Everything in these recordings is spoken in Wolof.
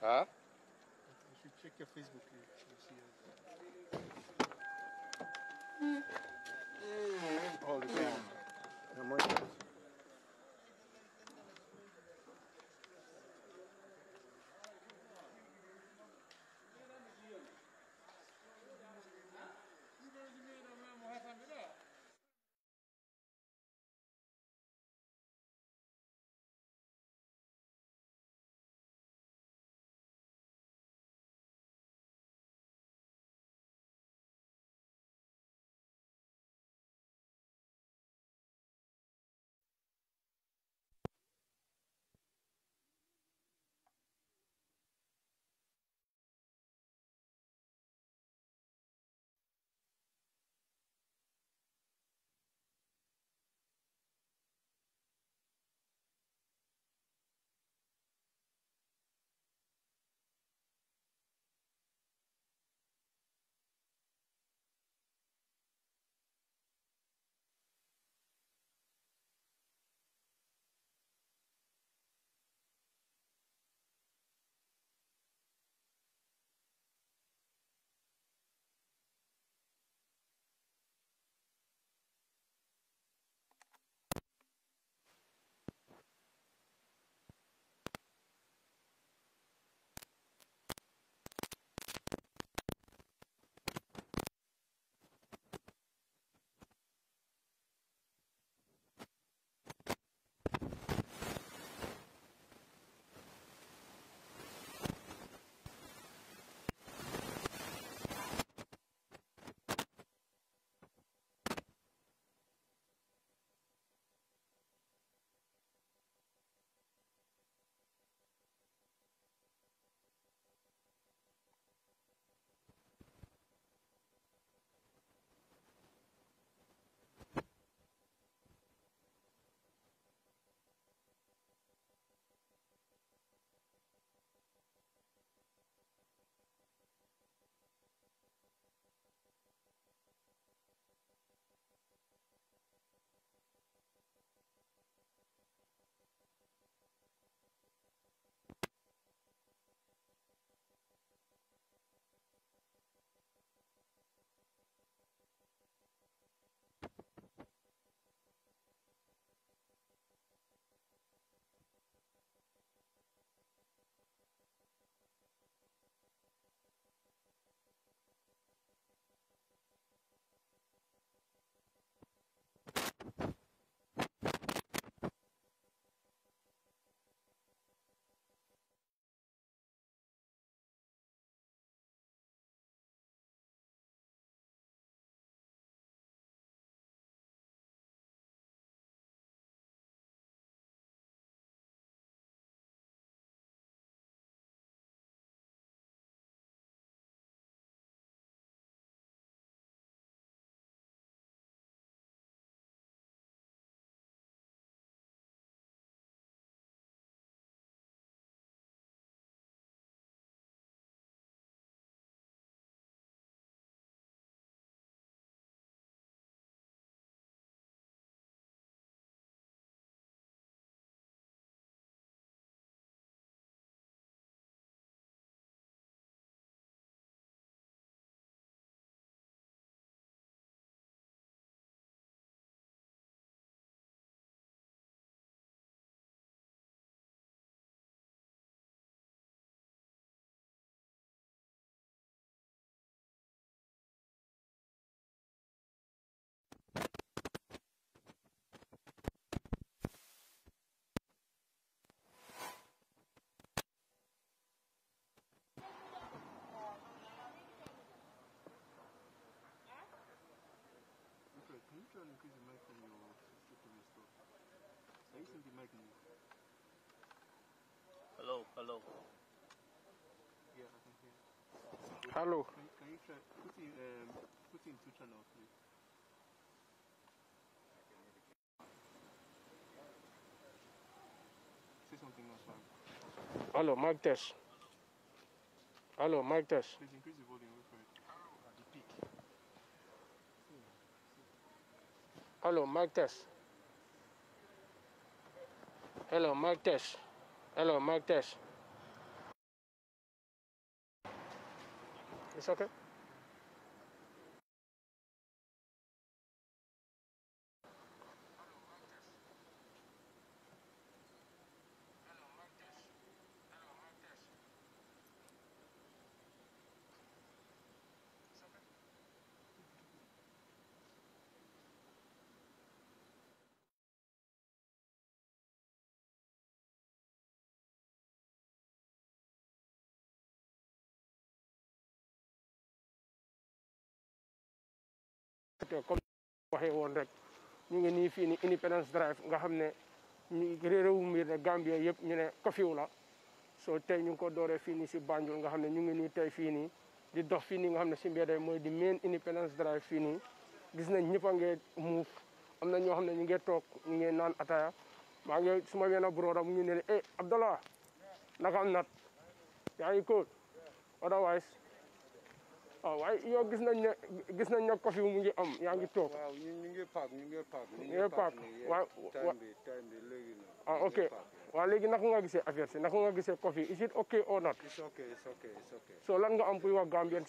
Huh? You should check your Facebook. You actually your system and stuff. be Hello, hello. Yeah, I can hear. Okay. Hello. Can, can, you try put in um, put in two channels, please? Say something else, man. Hello, mic test. Hello, mic test. Please increase the volume. Hello, mic test. Hello, mic test. Hello, mic test. It's okay. profité comme waxee woon rek ñu ngi nii fii ni Independence Drive nga xam ne ñu réewu mbir ne Gambia yëpp ñu ne Kofiw la soo tey ñu ngi ko dooree fii nii si Banjul nga xam ne ñu ngi nii tey fii nii di dox fii nii nga xam ne si mbedd mooy di main Independence Drive fii nii gis nañ ñëpp a ngee muuf am na ñoo xam ne ñu ngi toog ñu ngi naan ataya maa ngi suma benn broda mu ñu ne eh Abdallah naka am nat yaa ngi otherwise Ah, ok waaw is it ok or not. is ok is ok is ok. so lan nga am pour wax Gambien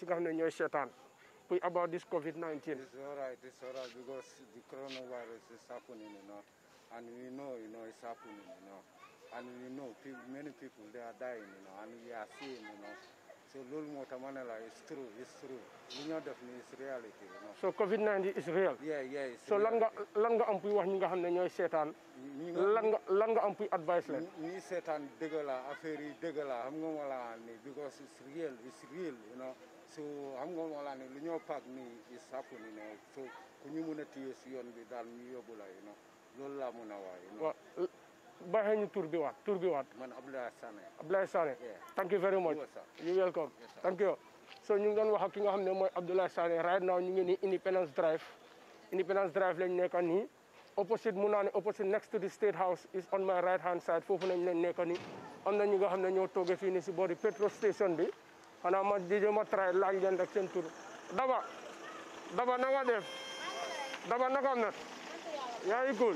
about this Covid 19. it's all right it's all right because the coronavirus is happening you know and we know you know it's happening you know and we know many people they are dying you know and we are seeing you know. so loolu moo tax ma ne la it's true it's true li ñoo def ni it's reality so covid 19 is real lan nga lan nga am puy wax ñi nga xam ne ñooy seetaan lan nga lan nga am puy advice leen ñii seetaan dëgg la affaire yi dëgg la xam nga ma laa ni because it's real it's real you know so xam nga ma lu ñoo paak ni is happening ku ñu mu a téye si yoon bi daal ñu yóbbu la you know loolu laa mën a waay baaxee ñu tur bi waat tur bi waat. man Abdoulaye Sané. Abdoulaye Sané. thank you very much. you welcome. thank you. so ñu ngi doon wax ak ki nga xam moy mooy Abdoulaye Sané right now ñu ngi ni Independence Drive Independence Drive lañ nekka ni opposite mu naa opposite next to the state house is on my right hand side fofu lañ leen nekka nii. am na ñi nga xam ne ñoo toogee fii nii si boori petrol station bi xana ma jéem a try laaj leen rek seen tour Daba Daba na nga def Daba na naka am na yaay ngi cool.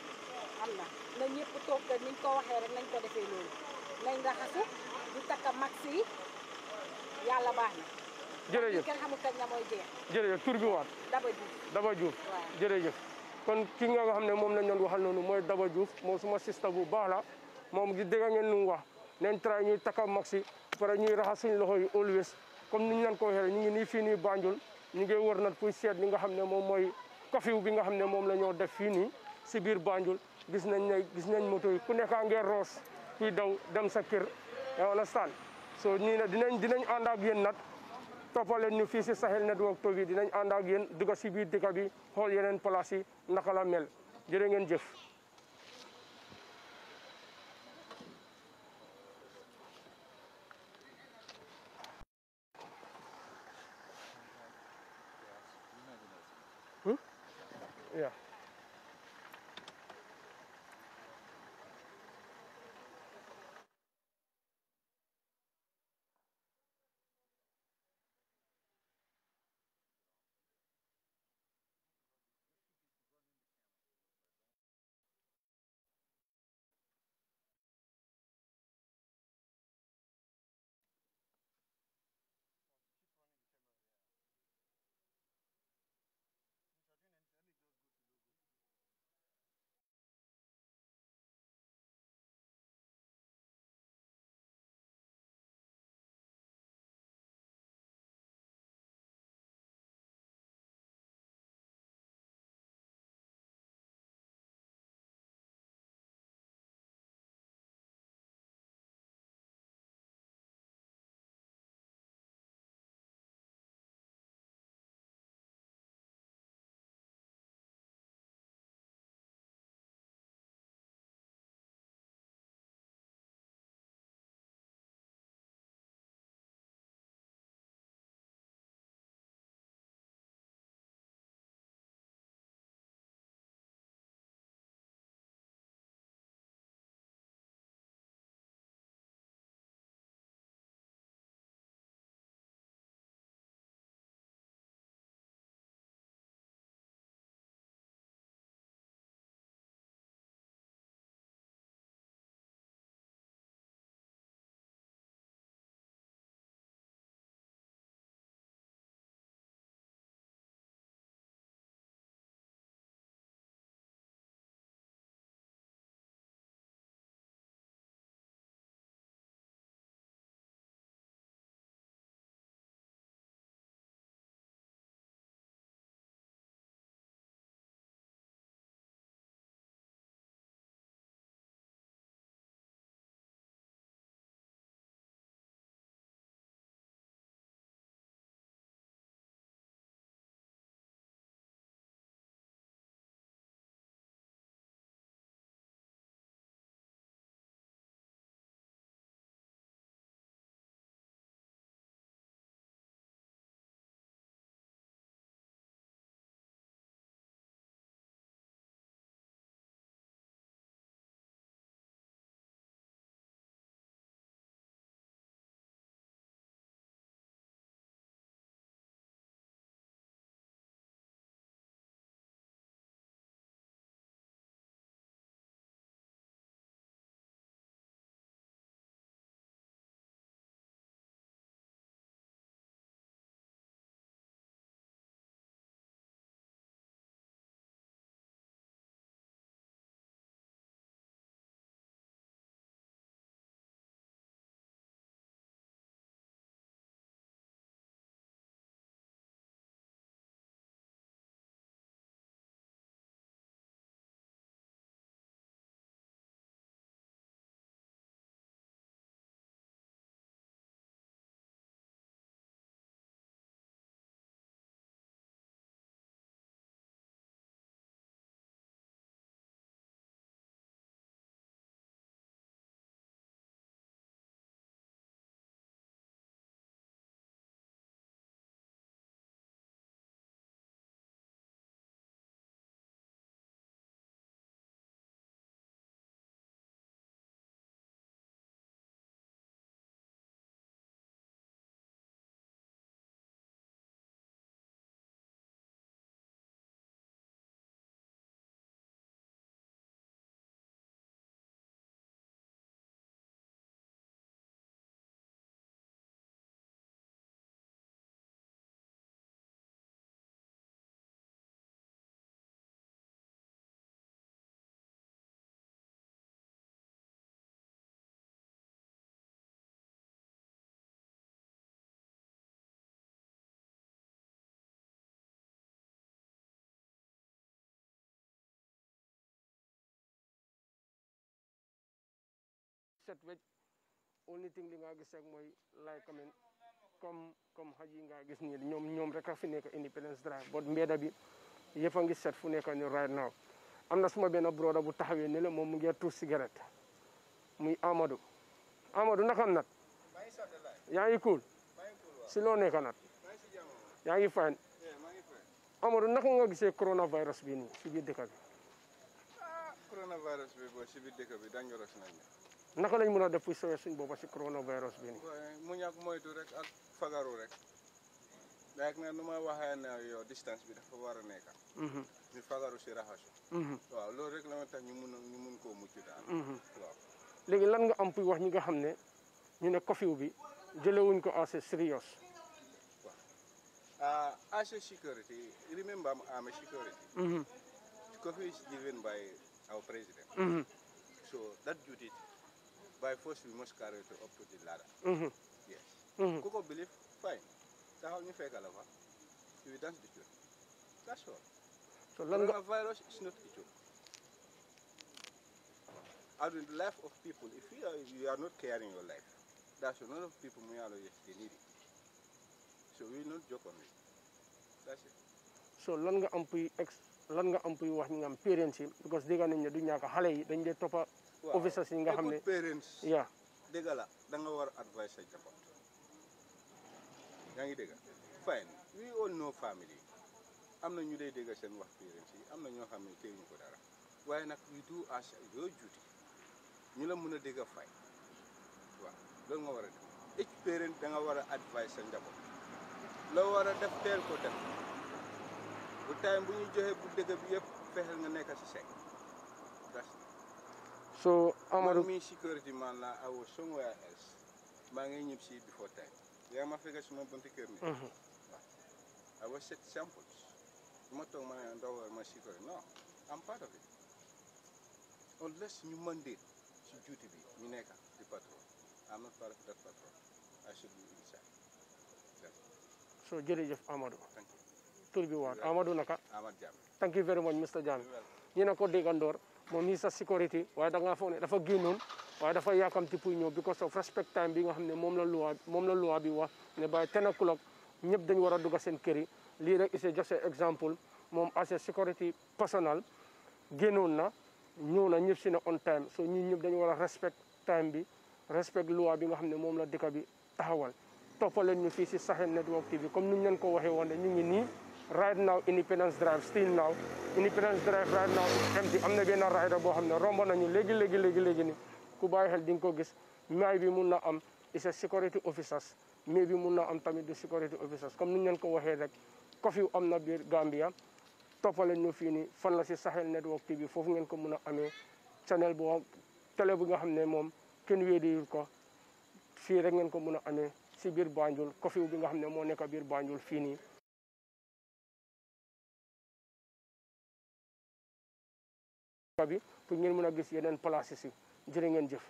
xamna na ñepp tok toog niñ ko waxe rek nañ ko defé lool nañ raxasu di takk max yi yàlla baax na. jërëjëf kenn xamu kañ la mooy jeex. jërëjëf tour bi waat. Daba juuf Daba juuf waaw kon ki nga xamne mom lañ doon waxal nonu moy Daba juuf mo suma sista bu baax la mom gi dégg ngeen nu wax nañ try ñuy takka maxi para pare ñuy raxas suñu always comme niñ ñu ko waxe ñi ngi ni fi ni Banjul ñi ngi wër nak pour sét li nga xamne ne moy mooy kafiw bi nga xamne ne lañu def fi ni ci bir Banjul gis nañ ne gis nañ moto ku nekkaa ngeen ros kuy daw dem sa kër on understand so ñii ne dinañ dinañ ànd ak yéen nag toppaleen ñu fii si Sahel Network TV dinañ ànd ak yéen dugg si biir dëkk bi xool yeneen place yi naka la mel jërë ngeen jëf set wecc only thing li nga gis rek mooy lay commune comme comme xaj yi nga gis nii ñoom ñoom rek a fi nekk Independence Drive bot mbeeda bi yëpp a ngi set fu nekk ni right now am na suma benn broda bu taxawee ne la moom mu ngi tuur cigarette muy Amadou Amadou nakam nat yaa ngi cool si loo nekk nat yaa ngi fine Amadou naka nga gisee coronavirus bi nii si biir dëkk bi ah, coronavirus bi naka lañ mëna def pour sauver suñ bopp coronavirus bi ni mu moy moytu rek ak fagaru rek like na nu waxé né yo distance bi dafa war a nekk. ñu fagaru mm-hmm. rahasu hmm waaw lool rek la ma tax ñu mëna ñu mun ko mucc daal. Mm-hmm. waaw légui lan nga am puy wax ñi nga xamné ñu né coffee bi wuñ ko assez serious. Uh, as a security, remember I'm a security. Mm -hmm. Coffee is given by our president. Mm -hmm. So that duty by force we must carry her up to the ladder. Mm -hmm. Yes. Mm -hmm. Coco believe, fine. That's how you fake Alava. You will dance the tune. That's all. So long. virus is not a joke. And in the life of people, if you are, you are not caring your life, that's a lot of people may are yes, they need it. So we will not joke on it. That's it. So long. nga ex Long nga wah puy wax ñi nga parents because they ganin ne du ñaaka xale yi dañ dee officers yi nga xamné ya yaa dëgg la da nga war advice sa njaboot yaa ngi dégg fine we all know family am ñu lay dégg seen wax parents yi amna ño xamné xam ñu ko dara waye nak we do as your duty ñu la mëna a dégg fine waaw loolu nga wara def each parent da nga wara advice sa njaboot la wara def tel ko def bu time bu ñu joxe bu dëgg bi yépp fexeel nga nekk si sec so amadou mi security man la awo ya es ma ngay ñib ci fo tay ya ma fega suma buntu keur ni i was set samples ma tok ma ne ndaw ma security no am part of it on unless ñu mandate ci duty bi ñu nekk di patrol am not part of that patrol i should be inside so jere jef amadou thank you tour bi waat amadou naka amadou jam thank you very much mr jam ñina ko digandor moom nii sax sécurité waaye da ngaa foog ne dafa génnoon waaye dafa yaakamti pour ñëw because of respect time bi nga xam ne moom la loi moom la loi wax ne by ten o'clock ñëpp dañu war a dugg seen kër yi lii rek i c'est juste exemple moom as a security personnel génnoon na ñëw na ñëpp si ne on time so ñun ñëpp dañu war a respect time bi respect loi bi nga xam ne moom la dëkk bi taxawal toppaleen ñu fii si Sahel Network TV comme ni ñu leen ko waxee woon ne ñu ngi ni right now Independence Drive still now Independence Drive right now is empty am na benn rider boo xam ne romb nañu léegi léegi léegi léegi ni ku bàyyi xel di nga ko gis may bi mun na am is a security officers mais bi mun na am tamit du security officers comme ni ñu ko waxee rek curfew am na biir Gambia toppale ñu fii nii fan la si Sahel Network TV foofu ngeen ko mun a amee channel boo télé bi nga xam ne moom kenn weediwul ko fii rek ngeen ko mun a amee si biir Banjul curfew bi nga xam ne moo nekk biir Banjul fii nii bi pour ngeen mën gis yeneen place si jërë jëf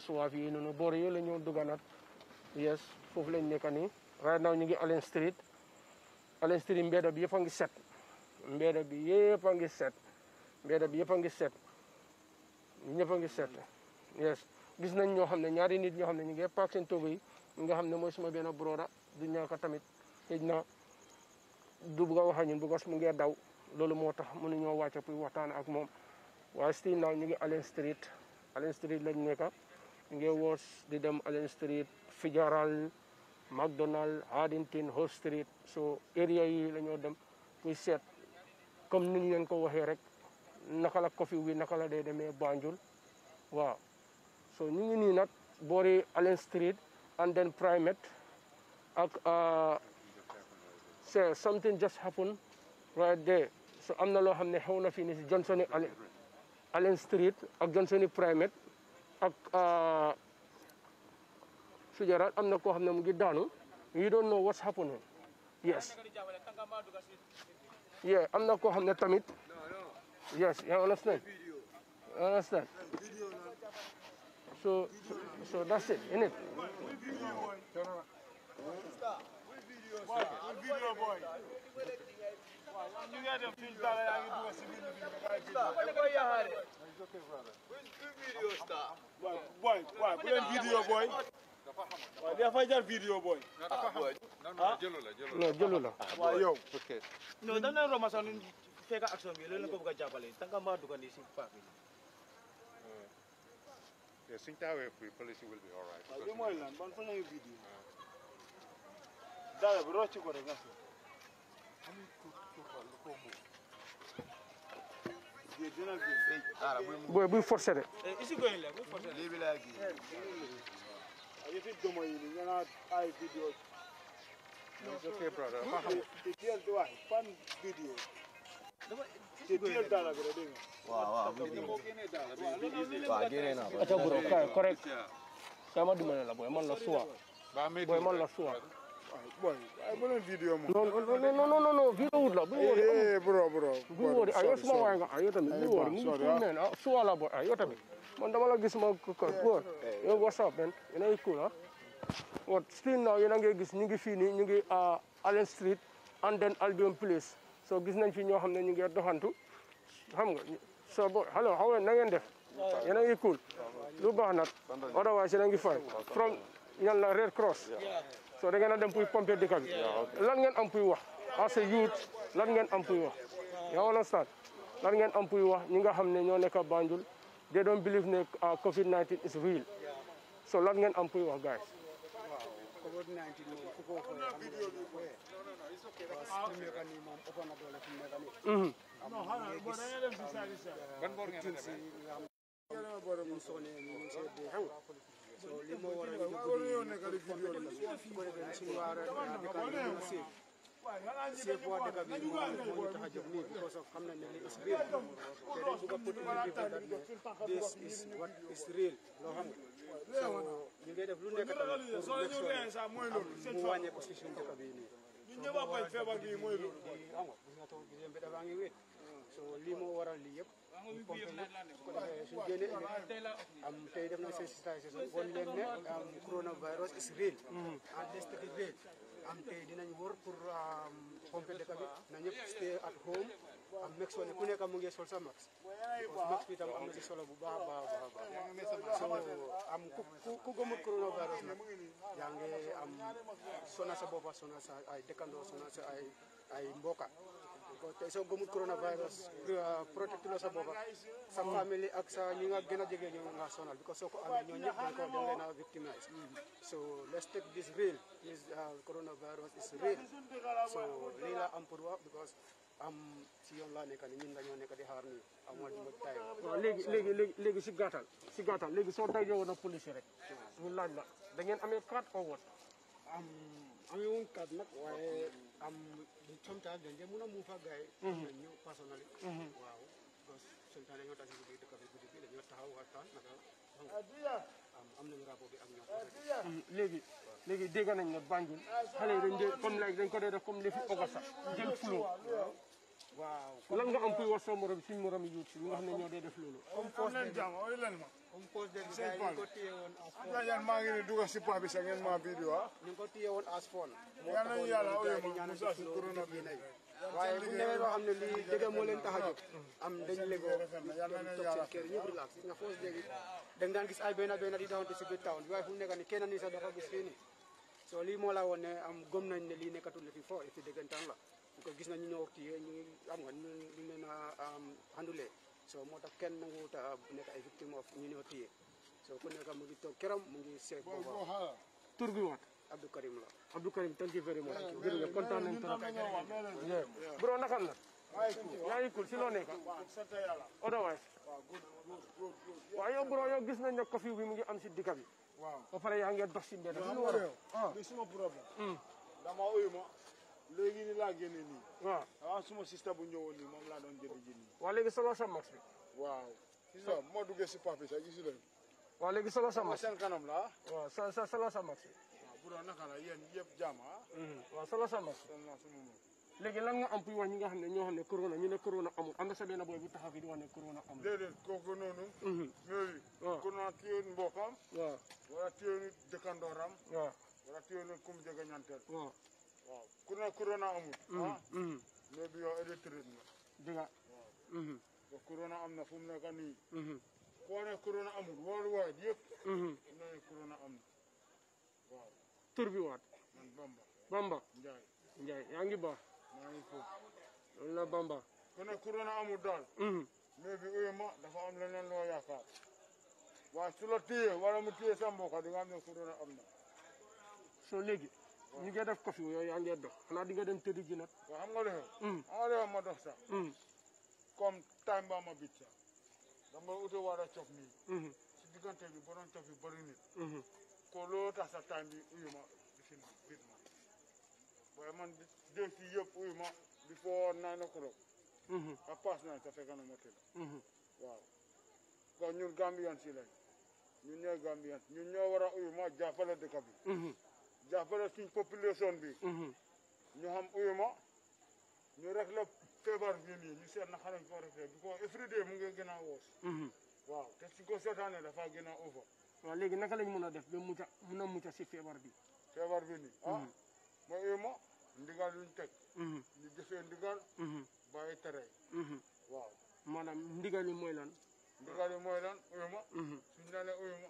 Kasuwaaf yi noonu boor yooyu la ñu duganaat yes foofu lañ nekk nii right now ñu ngi Allen Street Allen Street mbeeda bi yëpp a ngi set mbeeda bi yëpp ngi set mbeeda yëpp a ngi set ñëpp a ngi set yes gis nañ ñoo xam ne ñaari nit ñoo xam ne ñu ngi paak seen toogu yi nga xam ne mooy suma benn broda du ñaaka tamit xëj na du bugg a wax ak ñun because mu ngi daw loolu moo tax mënuñoo wàcce pour waxtaan ak moom waaye still now ñu ngi Allen Street Allen Street lañ nekk did Didam Allen Street, Fitzgerald, McDonald, Haddington, Hall Street so area yi la ñoo dem We set, comme ni ñu leen ko waxee rek naka la coffee wi naka la day demee Banjul waaw so ñu ngi nii nag Allen Street and then Primate ak so something just happened right there so am na loo xam ne na fii Johnson Allen Street ak Johnson Primate ak ah, sujaraat am mu ngi you don't know what's happening yes yeah am na koo tamit yes you understand understand so so that's it innit waaw booy waaw bu leen vidéo booy. waaw dafa jar vidéo booy. ah booy ah non jëlu la. waaw yow. ok non da nga leen romb sax nu fekk action bi loolu la ko bëgg a jàppale tànga maa dugg nii si paak bi. Yeah, sing that way for you. Policy will be all right. I'll do my land, but for now you video. Dada, bro, chico, regasso. How many cook cook are you going to move? booy buy forcé de. Eh, It's okay, brother. Detail to watch. Fun video. Detail dialogue. Wow, wow. Wow, get in now. Acha bro, correct. Kama dumana la boy, man la sua. Boy, man la sua. boy beneen vidéo moom. non non non non non vidéo wut la bu ñu wóor yi bro bro bu ñu wóor yi yow suma waay nga ah yow tamit bu ñu wóor yi mu neen ah suwa la boy ah yow tamit man dama la gis ma kër góor yow what's up man yéen a ngi cool ah what still now yéen a ngi gis ñu ngi fii nii ñu ngi Allen Street and then Albion Place so gis nañ fi ñoo xam ne ñu ngi doxantu xam nga so boy hello how na ngeen def yéen a ngi cool lu baax nag otherwise yéen a ngi fay from yan la Red Cross so da ngeen a dem pour pomper dëkk lan ngeen am puy wax as ah, a youth lan ngeen am puy wax yaa understand lan ngeen am puy wax ñi nga xam ne ñoo nekk Banjul they don't believe ne ah, covid 19 is real so lan ngeen am puy wax guys COVID 19 na doole fi mu nekk nii. am na ñu a demee. a demee. so li moo waral suñu ko rek si c'est a dëkk bi moo ñu a jóg nii because of xam nañ ne li is real te dañ bëgg a put in the people that ne this is what is loo xam nga so ñu ngi def lu nekk tamit pour nekk soo mu wàññee ko a mooy loolu xam nga so lii moo waral lii yëpp suñ génnee am tey def na sensitisation woon leen ne am coronavirus is real mm. am des tëkk real am tey dinañ wër pour pompe dëkk bi na ñëpp stay at home am mex ne ku nekk mu ngi sol sa max max bi am ci solo bu baax a baax a baax am ku ku gëmul coronavirus nag yaa ngi am sona sa boppa sona sa ay dëkkandoo sona sa ay ay mboka tey soo gëmul coronavirus euh, protect la sa boppa sa famille ak sa ñi nga gën a jege ñoo nga sonal because soo ko amee ñoo ñëpp dañ ko dañ leen a victimize so let's take this real this uh, coronavirus si yoon laa nekk ni ñun dañoo nekk di xaar nii léegi si gàttal si gàttal léegi soo dajee woon a police rek ñu laaj la da ngeen amee carte ou amee woon carte nag waaye am sometimes dañ dee mun a muufa gaay dañ ñëw personnel waaw parce que sometimes dañoo bi guddi bi dañoo taxaw waxtaan naka am nañu rapport bi ak ñoom léegi léegi dégg nañ ne Banjul xale yi dañ dee comme like dañ ko dee def comme lifi ogosa jël flow waaw lan nga am kuy war soo morom suñu morom ne ñoo dee def loolu am na maa ngi ne dugal si paa bi sax ngeen loo ah. xam ne lii dëgg moo leen tax a jóg am dañ légoo toog seen kër ñëpp relax gis nga foos léegi dañ daan gis ay benn benn di doxante si biir town waaye fu mu ni kenn ni sax dafa gis fii soo lii moo la woon ne am gëm ne lii nekkatul fi foo fi dëggantaan la ko gis nañu ñoo kii ñu ngi am nga ñu ñu leen a handulé so moo tax kenn nanguwut a nekk ay victime of ñu ñoo téye so ku nekk mu ngi toog keram mu ngi seet booba tur bi waat Abdou Karim la Abdou Karim thank you very much eh, jërëjëf kontaan nañu trop bro nakam la yaa ngi cool si loo nekk otherwise waaw yow bro yow gis nañ ne coffee bi mu ngi am si dikka bi waaw ba pare yaa ngi dox si mbedd lu war a ah. hmm. dama uyuma léegi ni laa génne nii. waaw avant suma sista bu ñëwoon nii moom laa doon jënd ji nii. waa solo sa max bi. waaw. gis nga bu solo sa max kanam la waaw sa sa solo sa max bi. bu doon naka la yéen yëpp jaam ah. Iya iya mm-hmm. waaw solo sa max. lan nga am pour wax ñi nga ne ñoo ne corona ñu ne corona amul am na sa benn boy bu taxaw fi di wax corona amul. déedéet kooku noonu. yooyu. Mm-hmm. corona téye mbokam. waaw wala kum waaw ku ne corona amul. mais mm, ah, bi mm. yow électrique na. dëgg la waaw. ba mm-hmm. corona am na fu mu nekk nii. koo mm-hmm. ne corona amul worldwide yëpp. Mm-hmm. na waaw. tur bi waat. Bamba. Bamba. Ndiaye Ndiaye yaa ngi baax. la Bamba. ku ne corona amul daal. mais bi uyu ma dafa am leneen loo waaye su la téye mu téye sa mbokk di nga am ne corona am soo léegi. ñu ngi def coffee yooyu yaa ngi dox xanaa di nga dem tëddi ji nag. a hmm. hmm. cof hmm. bi borom cof yi bëri nit. ko loolu tax sa time bi uyu ma bit sa fekk na ma tëdd. waaw kon a uyu ma jàppale suñ population bi. Mhm. ñu xam uyuma ñu rek la feebar bi nii ñu seet na xarañ ko refee bi ko effrité mu ngi gën a woos. Mhm. waaw te suñ ko seetaanee dafa gën a ufa. waaw léegi naka lañ mën a def ba mucc mun a mucc si feebar bi. feebar bi nii. ah mooy mhm. uyuma ndigal luñ teg. ñu jëfee ndigal. bàyyi tere. waaw maanaam ndigal yi mooy lan. ndigal yi mooy lan uyuma. suñ la nee uyuma.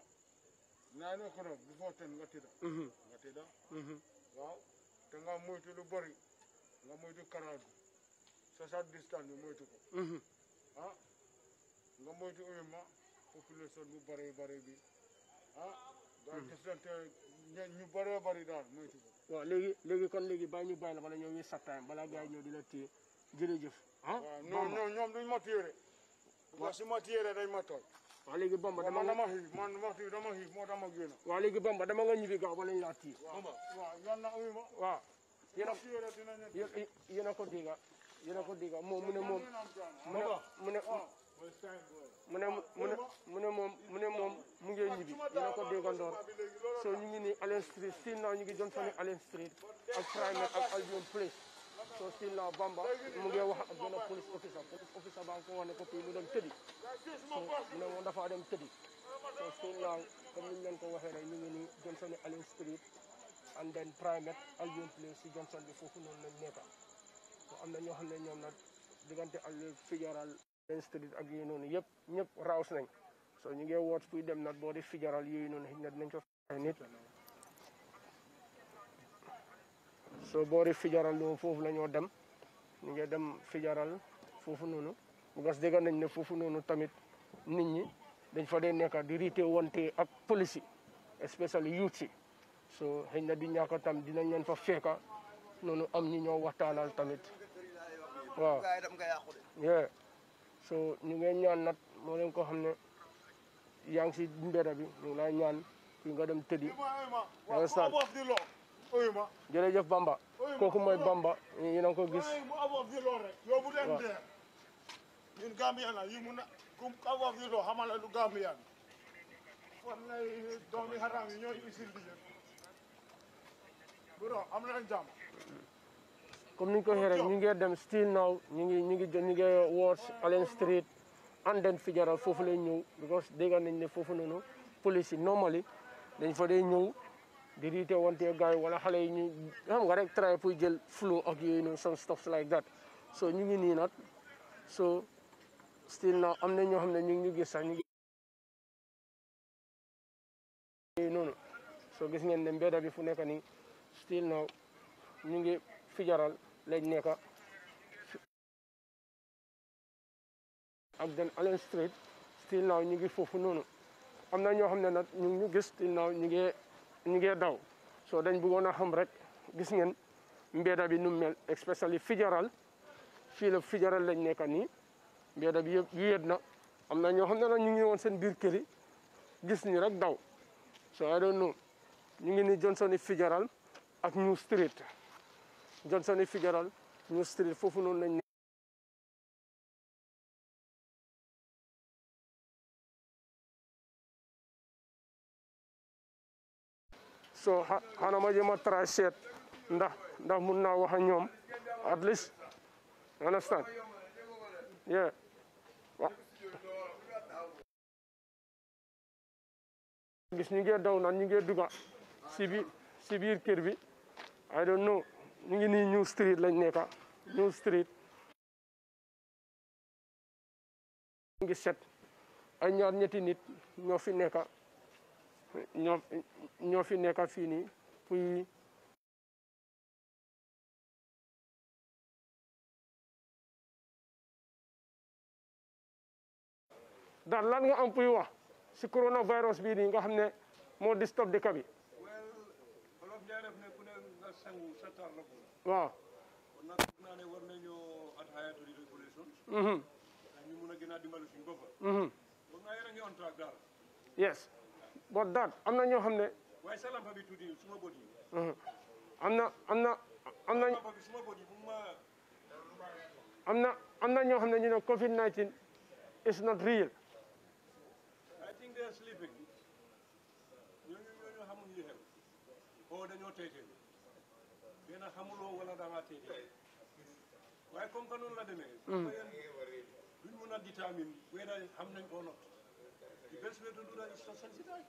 naanoo ko noon before ten nga tëdda mhm. nga tëdda mhm. waaw te nga lu bëri nga moytu karaw bi social distance bi moytu ko mhm. ah nga moytu uyuma population bu bëri bëri bi ah da gislante ñu bëree bëri daal moytu ko waaw léegi léegi kon léegi bàyyi ñu bàyyi la bala ñëw ñu sattaan balaa gars yi ñëw di la téye jërëjëf ah, ñoom duñ ma téye parce que su ma waaw léegi bomba dama dama xiif man waxtu dama moo tax ma génn. waaw léegi bomba dama nga ñibbi gaaw ba lañ laa tiir. bomba waaw yoon na uyu ma. waaw yéen a yéen a ko dégga ko dégga moom mu ne moom. mu ne mu ne mu ne moom mu ne moom mu ngee ñibbi yéen a ko déggandoor so ñu ngi nii Allen Street si naaw ñu ngi Johnson Allen Street ak Primer a Albion Place. so sinno Bamba mu ngi wax ak benn police officer police officer ba nga ko wax ne ko kii dafa dem tëddi so sinno comme ni ñu leen ko waxee rek ñu ngi nii Johnson Allen Street and then Primate Albion Place si Johnson bi foofu noonu lañ nekka so am na ñoo xam ne ñoom nag diggante Albion Fitzgerald Allen Street ak yooyu noonu yëpp ñëpp raus nañ so ñu ngi woot kuy dem nag boo di Fitzgerald yooyu noonu xëy na dinañ ko fexe nit so boori Fijaral lo foofu la ñoo dem ñu ngi dem Fijaral foofu noonu parce que dégg nañ ne foofu noonu tamit nit ñi dañ fa dee nekk di riite wante ak police yi especially youth si so xëy na di ñàkk tam dinañ leen fa fekka noonu am ñi ñoo waxtaanal tamit waaw yeah so ñu ngi ñaan nag moo leen ko xam ne yaa ngi si mbedd bi ñu ngi ñaan fi nga dem tëddi jërëjëf Bamba kooku mooy Bamba yéen a nous ko gis. ñun Gambien la nous mun na ku kaw fi nous xamal la nous Gambien fan lay doomi haram nous ñooy isil di jël bro am na jàmm comme niñ ko nous rek ñu ngi dem still now ñu ngi ñu ngi ñu ngi Wards Allen Street Anden Fitzgerald nous lay ñëw because dégg nañ ne foofu noonu police yi normally dañ fa day ñëw di diite wante gars yi wala xale yi ñu xam nga rek try pour jël flow ak yooyu noonu some stuffs like that so ñu ngi nii nag so still now am na ñoo xam ne ñu ngi ñu gis sax ñu ngi so gis ngeen ne mbedda bi fu nekk nii still now ñu ngi fijaral lañ nekka ak den Allen Street still now ñu ngi foofu noonu am na ñoo xam ne ñu ñu gis still now ñu ngi ñu ngee daw soo dañ buggoon a xam rek gis ngeen mbeeda bi nu mel especially Figueral fii la Figueral lañ nekk nii mbeeda bi yëpp yéet na am na ñoo xam ne nag ñu ngi woon seen biir këri gis ni rek daw so I nu ñu ngi ni Johnson i Figueral ak New Street Johnson i Figueral New Street foofu noonu lañ so xana ma jëm a try ndax ndax mun na wax ak ñoom at least understand yeah gis ñu ngi daw naan ñu ngi dugga si biir kër bi I don't know ñu ngi nii New Street lañ nekka New Street ngi set ay ñetti nit ñoo fi nekka ñoo ñoo fi nekk fii nii pour daal lan nga am puy wax si coronavirus bii nii nga xam ne moo disturb dëkk bi. waaw. Mhm. Mhm. yes. boo daat am na ñoo xam ne. waaye sa lampa suma bët yi. Mhm. am na am na am na. na am na ñoo xam ne ñu ne Covid 19 is not real. I think they are sleeping. Because we have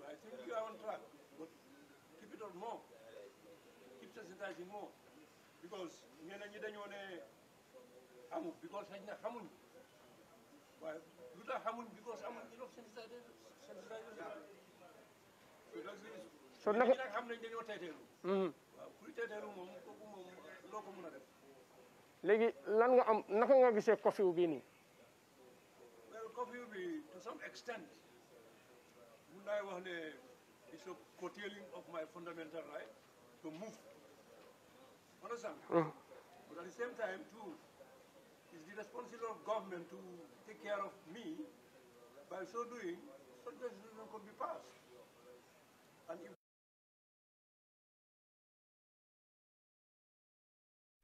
I think you are on track, but keep it on more. Keep amul waaye lu tax xamuñ because amuñ enough sensitization sensitization. So nañ dañoo teeteelu. Mm-hmm. waaw kuy loo ko mën a def. léegi lan nga am naka nga gisee kofiw bii nii. to some extent. Mundai Wahle is a curtailing of my fundamental right to move. Understand? Uh-huh. But at the same time, too, it's the responsibility of government to take care of me. By so doing, such legislation could be passed. And at the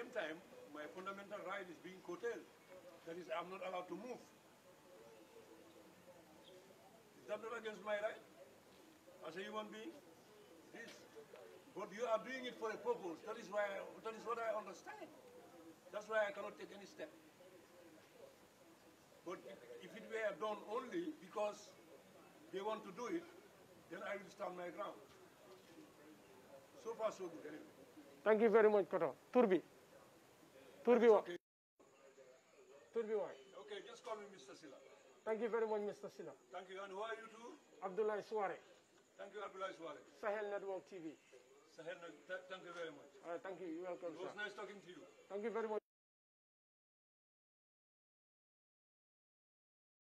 same time, my fundamental right is being curtailed. That is, I'm not allowed to move. That's not against my right as a human being. This. But you are doing it for a purpose. That is why I, that is what I understand. That's why I cannot take any step. But if it were done only because they want to do it, then I will stand my ground. So far, so good. Anyway. Thank you very much, Koto. Turbi. Turbi, okay. Turbi, why? Okay, just call me Mr. Silla. Thank you very much, Mr. Sina. Thank you. And who are you too? Abdullah Suare. Thank you, Abdullah Suare. Sahel Network TV. Sahel, Network. th thank you very much. All right, thank you. You're welcome, It was sir. nice talking to you. Thank you very much.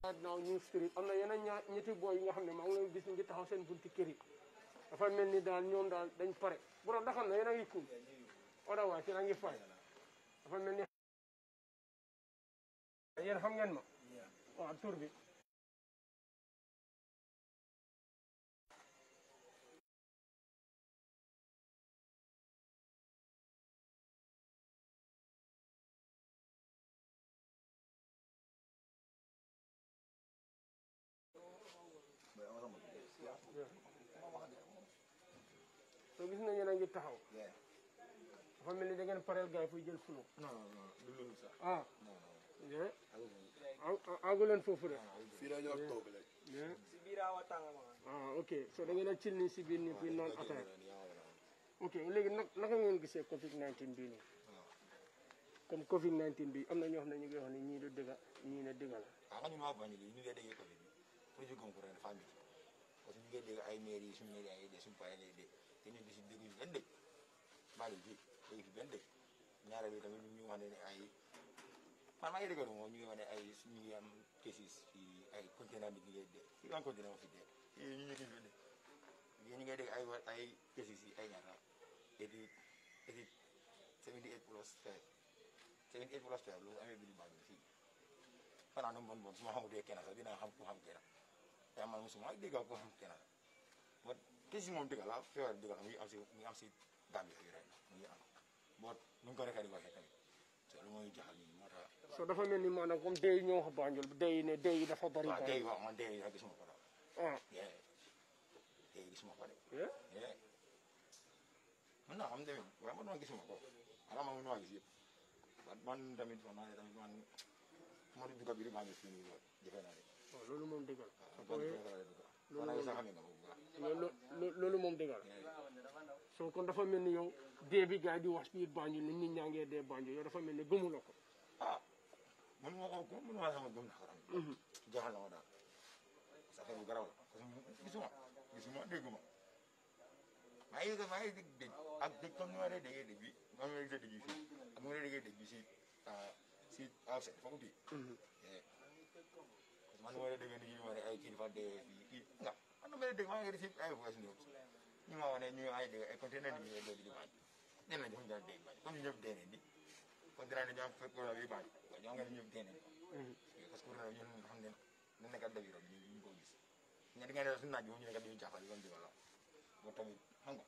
Right now, New Street. am na yeneen ñaar ñetti booy yi nga xam ne maa ngi leen gis ñu ngi taxaw seen bunti kër yi dafa mel ni daal ñoom daal dañ pare bu doon daxal na yéen a ngi kuul odawaay yéen a ngi fay dafa mel ni yéen xam ngeen ma और तुर भी so gis nga yéen a ngi taxaw. dafa mel ni da ngeen pareel gars yi fuy jël sunu. non non non du loolu sax. ah. non non. agu leen foofu rek. Ah, fii la ñoo si biir awa tàng ma. ah ok so da a cil nii si biir nii fii naan ataaya. Ah, ok léegi nag a ngeen gisee Covid 19 bii nii. Ah. comme Covid 19 bi am na ñoo xam ne ñu ngi a ne ñii du dëgg ñii ne la. ah nga ñu ngi déggee Covid bi pour ñu gëm ko ren dafa am métti parce que ñu ngi dégg ay maire yi suñu maire yi dee suñu paa yi lay dëkk maa ngi fi dégg fi benn dëkk ñaareel bi tamit ñu wax ne ay man ma yede ko mo ñu wone ay ñu am cases fi ay container bi ngay de fi ban container mo fi de ñu ñu ki de ñu ngay de ay ay cases yi ay ñaata et di et puis 78 plus 5 78 plus 5 lu amé bi di bag fi fana no bon bon suma xamu de kenn sax dina xam ko xam kenn ya man musuma ay déggal ko xam kenn but cases mom déggal la feewar déggal mi am ci mi am ci gambia yu rek mi am bot ñu ko rek di waxe tamit so lu moy jaxal ñu soo dafa mel ni maanaam comme dee yi ñoo Banjul dee yi ne dee yi dafa bari. waaw dee yi waaw man ah. de. mën naa xam tamit waaye man man gis yëpp man tamit wax naa ne tamit oh, loolu moom dëggal. Ah, soo kon dafa mel ni yow dee bi gars yi di wax fii Banjul ni nit dee Banjul yow dafa mel ni gëmuloo ko. mënu ma ko mënu ma ko daal. jaaxal na ma daal parce que affaire bu ngi maa ngi dégg dégg ak dégg comme ni ma lay déggee dégg bi ma lay déggee dégg fii ak ma lay déggee dégg bi si si aw ma lay nga man ma lay dégg maa ngi resi ay voice note ñu ma wane ñu ay dégg ay conteneur di ñoom mm-hmm. ñoom parce que ñun xam ne dañ nekk daw nga naaj boobu ñu nekk dañuy jaaxal yoon bi wala boo tamit xam nga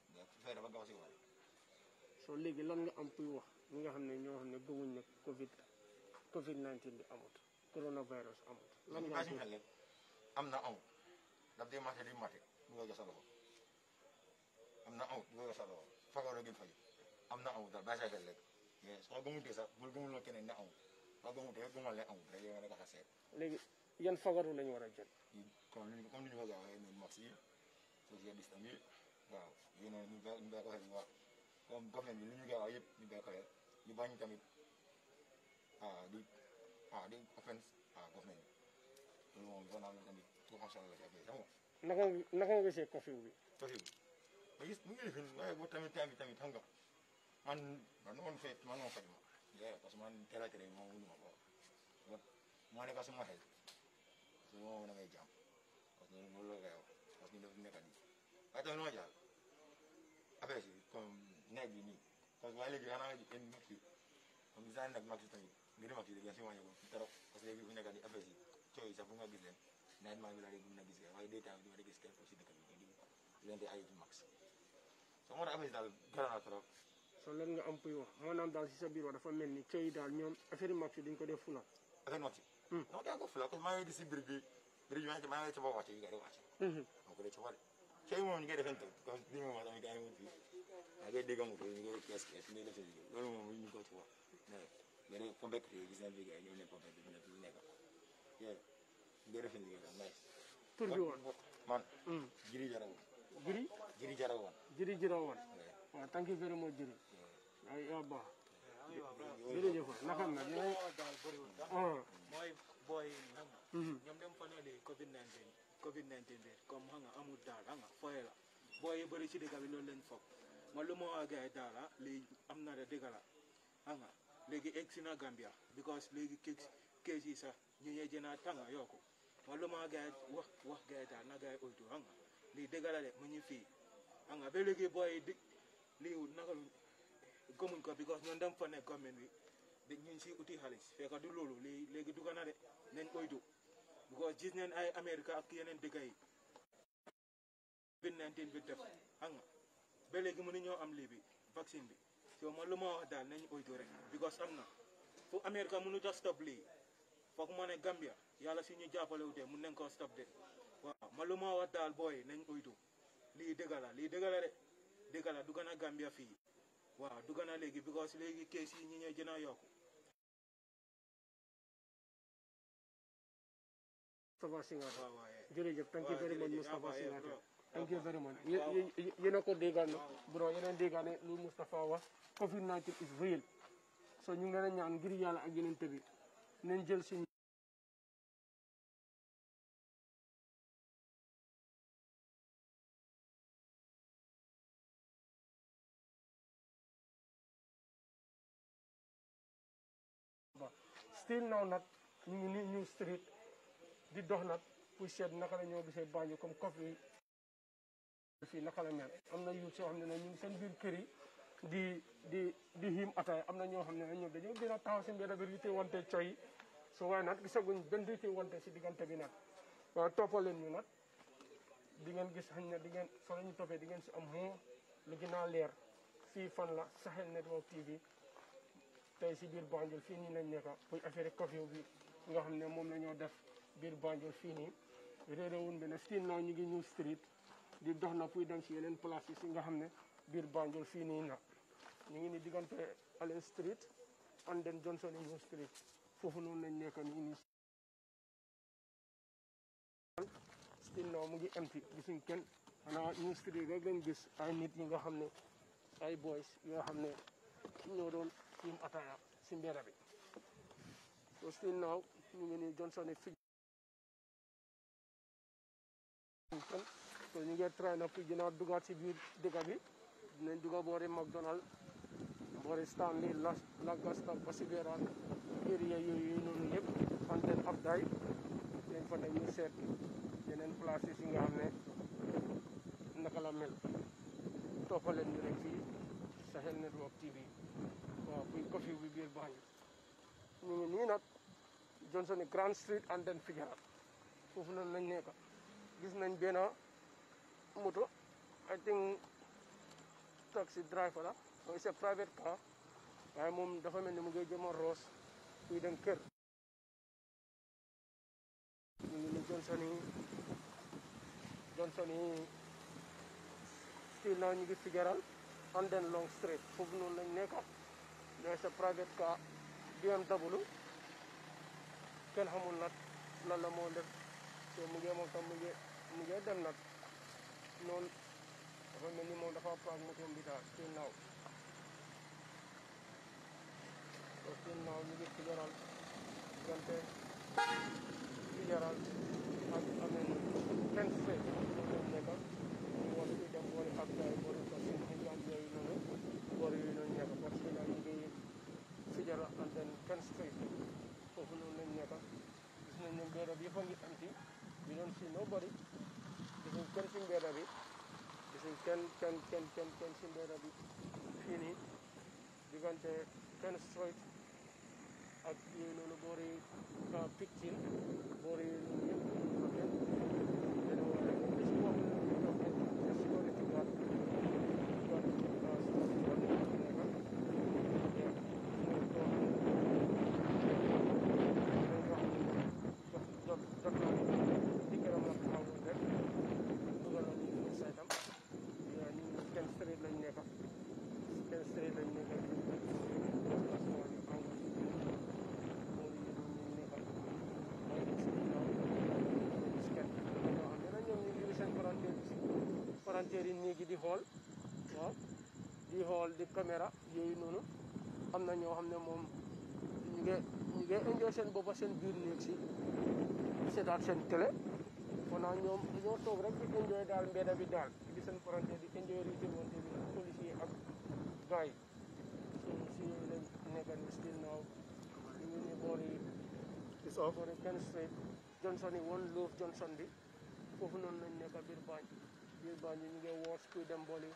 xam ne ñoo xam ne bëgguñ ne Covid Covid 19 amut coronavirus amut. lan nga am xel am na amut daf dee mate di mate du ko loxo am na amut du ko jox loxo fagaru gi fay am na amut daal bàyyi sa xel rek amut. ba ba mu dee ba mu leen amul rek yow seet. léegi yan fagaru lañu war a jël. comme ni ñu comme ni ñu ko gaaw a waxee noonu marché yi social ñu bàyyi ñu bàyyi ko xel government bi li yëpp ñu bàyyi ko xel ñu bañ tamit ah di ah di offense ah government bi loolu moom gannaaw tamit trop macha allah ci bi. curfew bi ba gis mu ngi lifin waaye boo tamit tamit tamit xam nga man man man fay man moom faj ma. nga parce que man teel tere moom wulu ma ko bon moo nekk suma xel parce que moom damay jàmm parce que loolu la koy wax parce que dafa nekk nii waaye tamit ma jàll affaire si comme nawet bi nii parce que waaye léegi xanaa en mag si comme gis naa nag mag si tamit mbiri mag si dégg si wàññeeku trop parce que léegi fu nekk nii affaire si coow yi sax fu nga gis leen nawet maa ngi la mën a gis kenn waaye day taw du ma gis kenn aussi dëkk bi di leen di ay max so moo tax affaire si daal garaaw na trop so lan nga am puy wax maanaam daal si sa biir wax dafa mel ni coy daal ñoom a match dañ ko def fula affaire match hmm. non daa ko fula parce que maa ngi gis si biir bi biir bi maa ngi ci boo wàcc yi nga di wàcc moo dee ci ma wax tamit gaa yi moom fii maa ngi dégg mu fii ñu kees kees ñu ngi def loolu moom ñu wax man hmm. jiri jarawoon jiri jiri jarawoon jiri jarawoon waaw tànk moo jiri ay abba jërëjëf nakam nag yooyu daal mooy booy xam nga ñoom dem fa ne léegi covid 19 covid 19 bi comme xam amul daal xam nga fooy la booy yu bëri ci dëkk bi loolu lañ foog man lu ma wax gars am na de dëgg la xam nga léegi egg si na Gambia because léegi kees yi sax ñu ñee jënaa tànga yokku man lu ma wax gars wax wax daal na gars yi oytu xam nga lii de mu ñu fii xam nga ba booy di lii naka gëmuñ ko because ñoon dem fa nekk commune bi dañ ñu si uti xaalis fekk du loolu lii léegi dugg na de nañ oytu because gis neen ay Amérique ak yeneen dëkk yi bi nineteen bi def xam ba léegi mënu ñoo am lii bi bi so ma wax daal nañ oytu rek because am na fu Amérique mënu ta stop lii foog ma ne Gambia yàlla si ñu jàppale wutee mun nañ koo stop de waaw man ma wax daal booy nañ oytu lii dëgg la lii dëgg la de dëgg la dugg na Gambia fii waaw dugg na léegi because léegi kees yi ñi ñooy gën a yokku. Moustapha thank you very much Moustapha Singate thank you very much yéen lu Moustapha wax COVID-19 is real ñu ngi leen ñaan ngir yàlla ak yeneen tëbi nañ jël suñu still now nak ñu ngi ñu street di dox nak fu seet nak la ñoo gisee bañu comme kof yi fii naka la mel amna yu so xam ñu seen kër yi di di di him ataay amna ñoo xam ñoo dañu ñoom taw ci a taxaw si mbedd bi rite wante coy su waaye nag gisaguñ benn rite wante si diggante bi wa topal leen ñu nak di ngeen gis xagn na di ngeen soo lañu topé di ngeen si am moo lu gina leer fi fan la Sahel Network TV tey si biir Banjul fii nii lañ nekk muy affaire curfew bi nga xam ne moom nañoo def biir Banjul fii nii réeréwun bi still now ñu ngi ñëw street di dox na puy dem si yeneen place yi si nga xam ne biir Banjul fii nii na ñu ngi nii diggante Allen Street and then Johnson New Street foofu noonu lañ nekk ñu ngi mu ngi empty gisuñ kenn xanaa New Street rek gis ay nit yi nga xam ne ay boys yoo xam ne ñoo doon tiim ataaya si mbedd bi so still now ñu ngi nii Johnson fi kon so ñu ngi try na pour ginnaaw dugaat si biir dëkk bi dinañ duga boori McDonald boori Stanley Lancaster ba si beeraan area yooyu noonu yëpp anten ab day dañ fa dem set seet yeneen places yi nga xam ne naka la mel toppaleen ñu rek fii Sahel Network TV waaw buy coffee bi biir Banjul ñu ngi nii nag Johnson Grand Street and then Fitzgerald foofu noonu lañ nekk gis nañ benn moto I think taxi driver la mooy private car waaye moom dafa mel ni mu ngi jëm a roos kuy dem kër ñu ngi ni Johnson yi still now ñu ngi Fitzgerald Anden Long Street foofu noonu lañ nekka there's a private car BMW kenn xamul nag lan la moo def te mu ngee moom tam mu ngee dem nag noonu dafa mel ni moom dafa paak motoom bi daal still now still now ñu ngi kijaral diggante kijaral ak ameen ten space foofu nekka woon fi dem boori ak gaay bëri gisuñ kenn si mbedd bi gisuñ kenn kenn kenn kenn kenn si mbedd bi fii nii diggante kenn street ak yooyu noonu boori ah, pictin boori yëpp di xool waaw di xool di caméra yooyu noonu am na ñoo xam ne moom ñu ngi ñu ngi enjoy seen boppa seen biir néeg si seetaat seen télé xanaa ñoom ñoo toog rek di enjoy daal mbedda bi daal di seen frontière di enjoy ritéwante bi ak policier ak gars yi si yooyu lañ nekkan still now ñu ngi ne boori boori Ken Street Johnson yi woon Loof Johnson bi foofu noonu lañ nekk biir Banjul jël baa ñu ngi woor kuy dem booli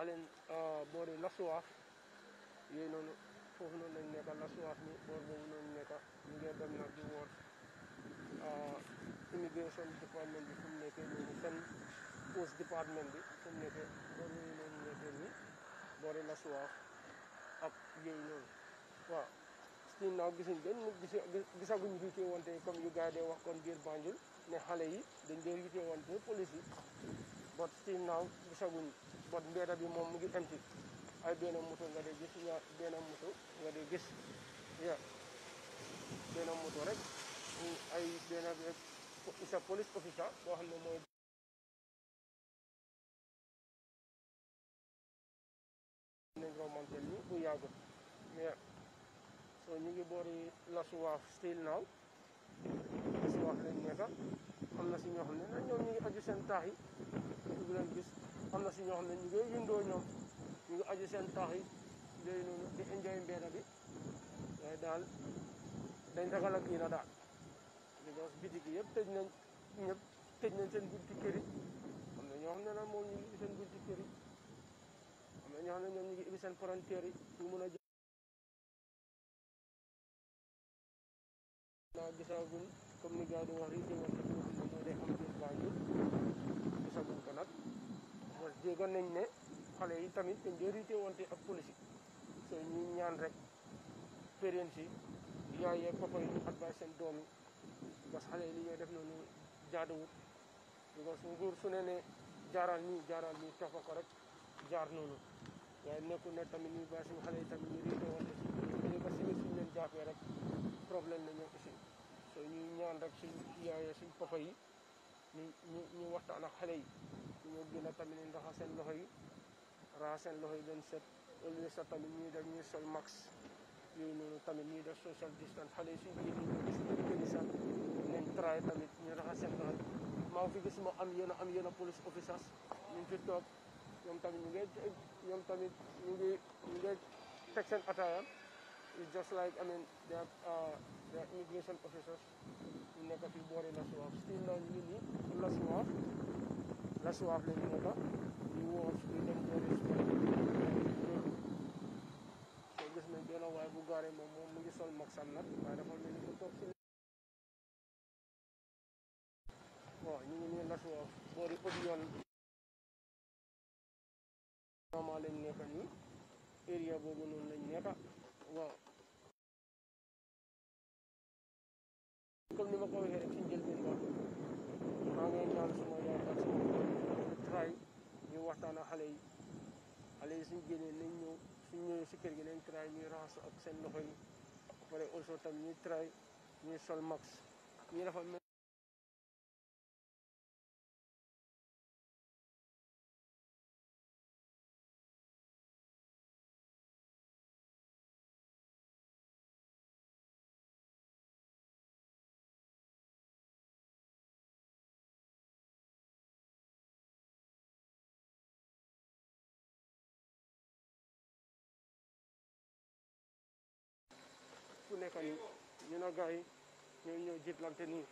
alen boori lasuwaaf yooyu noonu foofu noonu lañ nekka lasuwaaf ni boor boobu noonu nekka ñu ngi dem nag di woor immigration department bi fu mu nekkee noonu seen post department bi fu mu nekkee boor yooyu noonu nekkee ni boori lasuwaaf ak yooyu noonu waaw stin naaw gisuñ benn gisaguñ wite wante comme yu gars yi dee wax kon biir Banjul ne xale yi dañ dee wite wante police yi bot still now gisaguñ bot mbeeda bi moom mu ngi empty ay benn moto nga dee gis ñaar benn moto nga dee gis benn moto rek police officer boo xam ne mooy nañ romanteel ni bu yàggut mais so ñu ngi boori la suwaaf still now li si wax lañ nekka am na si ñoo xam ne nag ñoom ñu ngi aju seen taax yi dugg leen gis am na si ñoo xam ne ñu ngi yundoo ñoom ñu ngi aju seen taax yi léegi noonu di enjoy mbeena bi waaye daal dañ ragal ak kii na daal because bitig yëpp tëj nañ ñëpp tëj nañ seen bunti kër yi am na ñoo xam ne nag moom ñu ngi seen bunti yi am na ñoo xam ne ñoom ñu ngi ubbi seen frontière yi pour mun a sabun comme ni gars yi di wax reading and listening ñoo dee am gis gaa yi gisaguñ ko nag parce que nañ ne xale yi tamit dañ dee riite wante ak politique so ñuy ñaan rek parents yi yaay papa yi ñu advice seen doom yi parce que xale def li ñuy def noonu jaaduwut because nguur su ne ne jaaral nii jaaral nii toppa ko rek jaar noonu waaye nekkul ne tamit ñu bàyyi suñu xale yi tamit ñu riite wante si parce que si suñu leen jàppee rek problème la ñoo aussi te ñuy ñaan rek suñ yaayee suñ papa yi ñu ñu ñu waxtaan ak xale yi ñu gën a tamit ñu raxas seen loxo yi raxas seen loxo yi doon set ëllëg sa tamit ñuy def ñuy sol max yooyu noonu tamit ñuy def social distance xale yi suñ jii ñu ko gis ñu gën sax nañ traay tamit ñu raxas seen loxo yi maa fi gis ma am yenn am yenn police officers ñu fi toog ñoom tamit ñu ngi ñoom tamit ñu ngi ñu ngi teg seen ataaya it's just like I mean they uh, the immigration officers ñu nekk fii boori la suwaaf still now ñu ngi nii la suwaaf la suwaaf lañu nekka ñu woof ñu dem boori suwaaf so gis nañ benn waaye bu gaaree moom moom mu ngi sol maxam nag waaye dafa mel ni ko toog si waaw ñu ngi nii la suwaaf boori podion normal lañ nekka nii area boobu noonu lañ nekka waaw كل مقام هي الإنجيل بالبابل ماغي نان سما ياتا سما تراي ñu waxtaan ak xale yi xale yi suñ génnee nañ ñëw suñ ñëwee si kër gi nañ tray ñuy raxasu ak seen loxo yi pare also tam ñuy tray ñuy sol max ñuy dafa mel sama yi ñooy ñëw jiitlante nii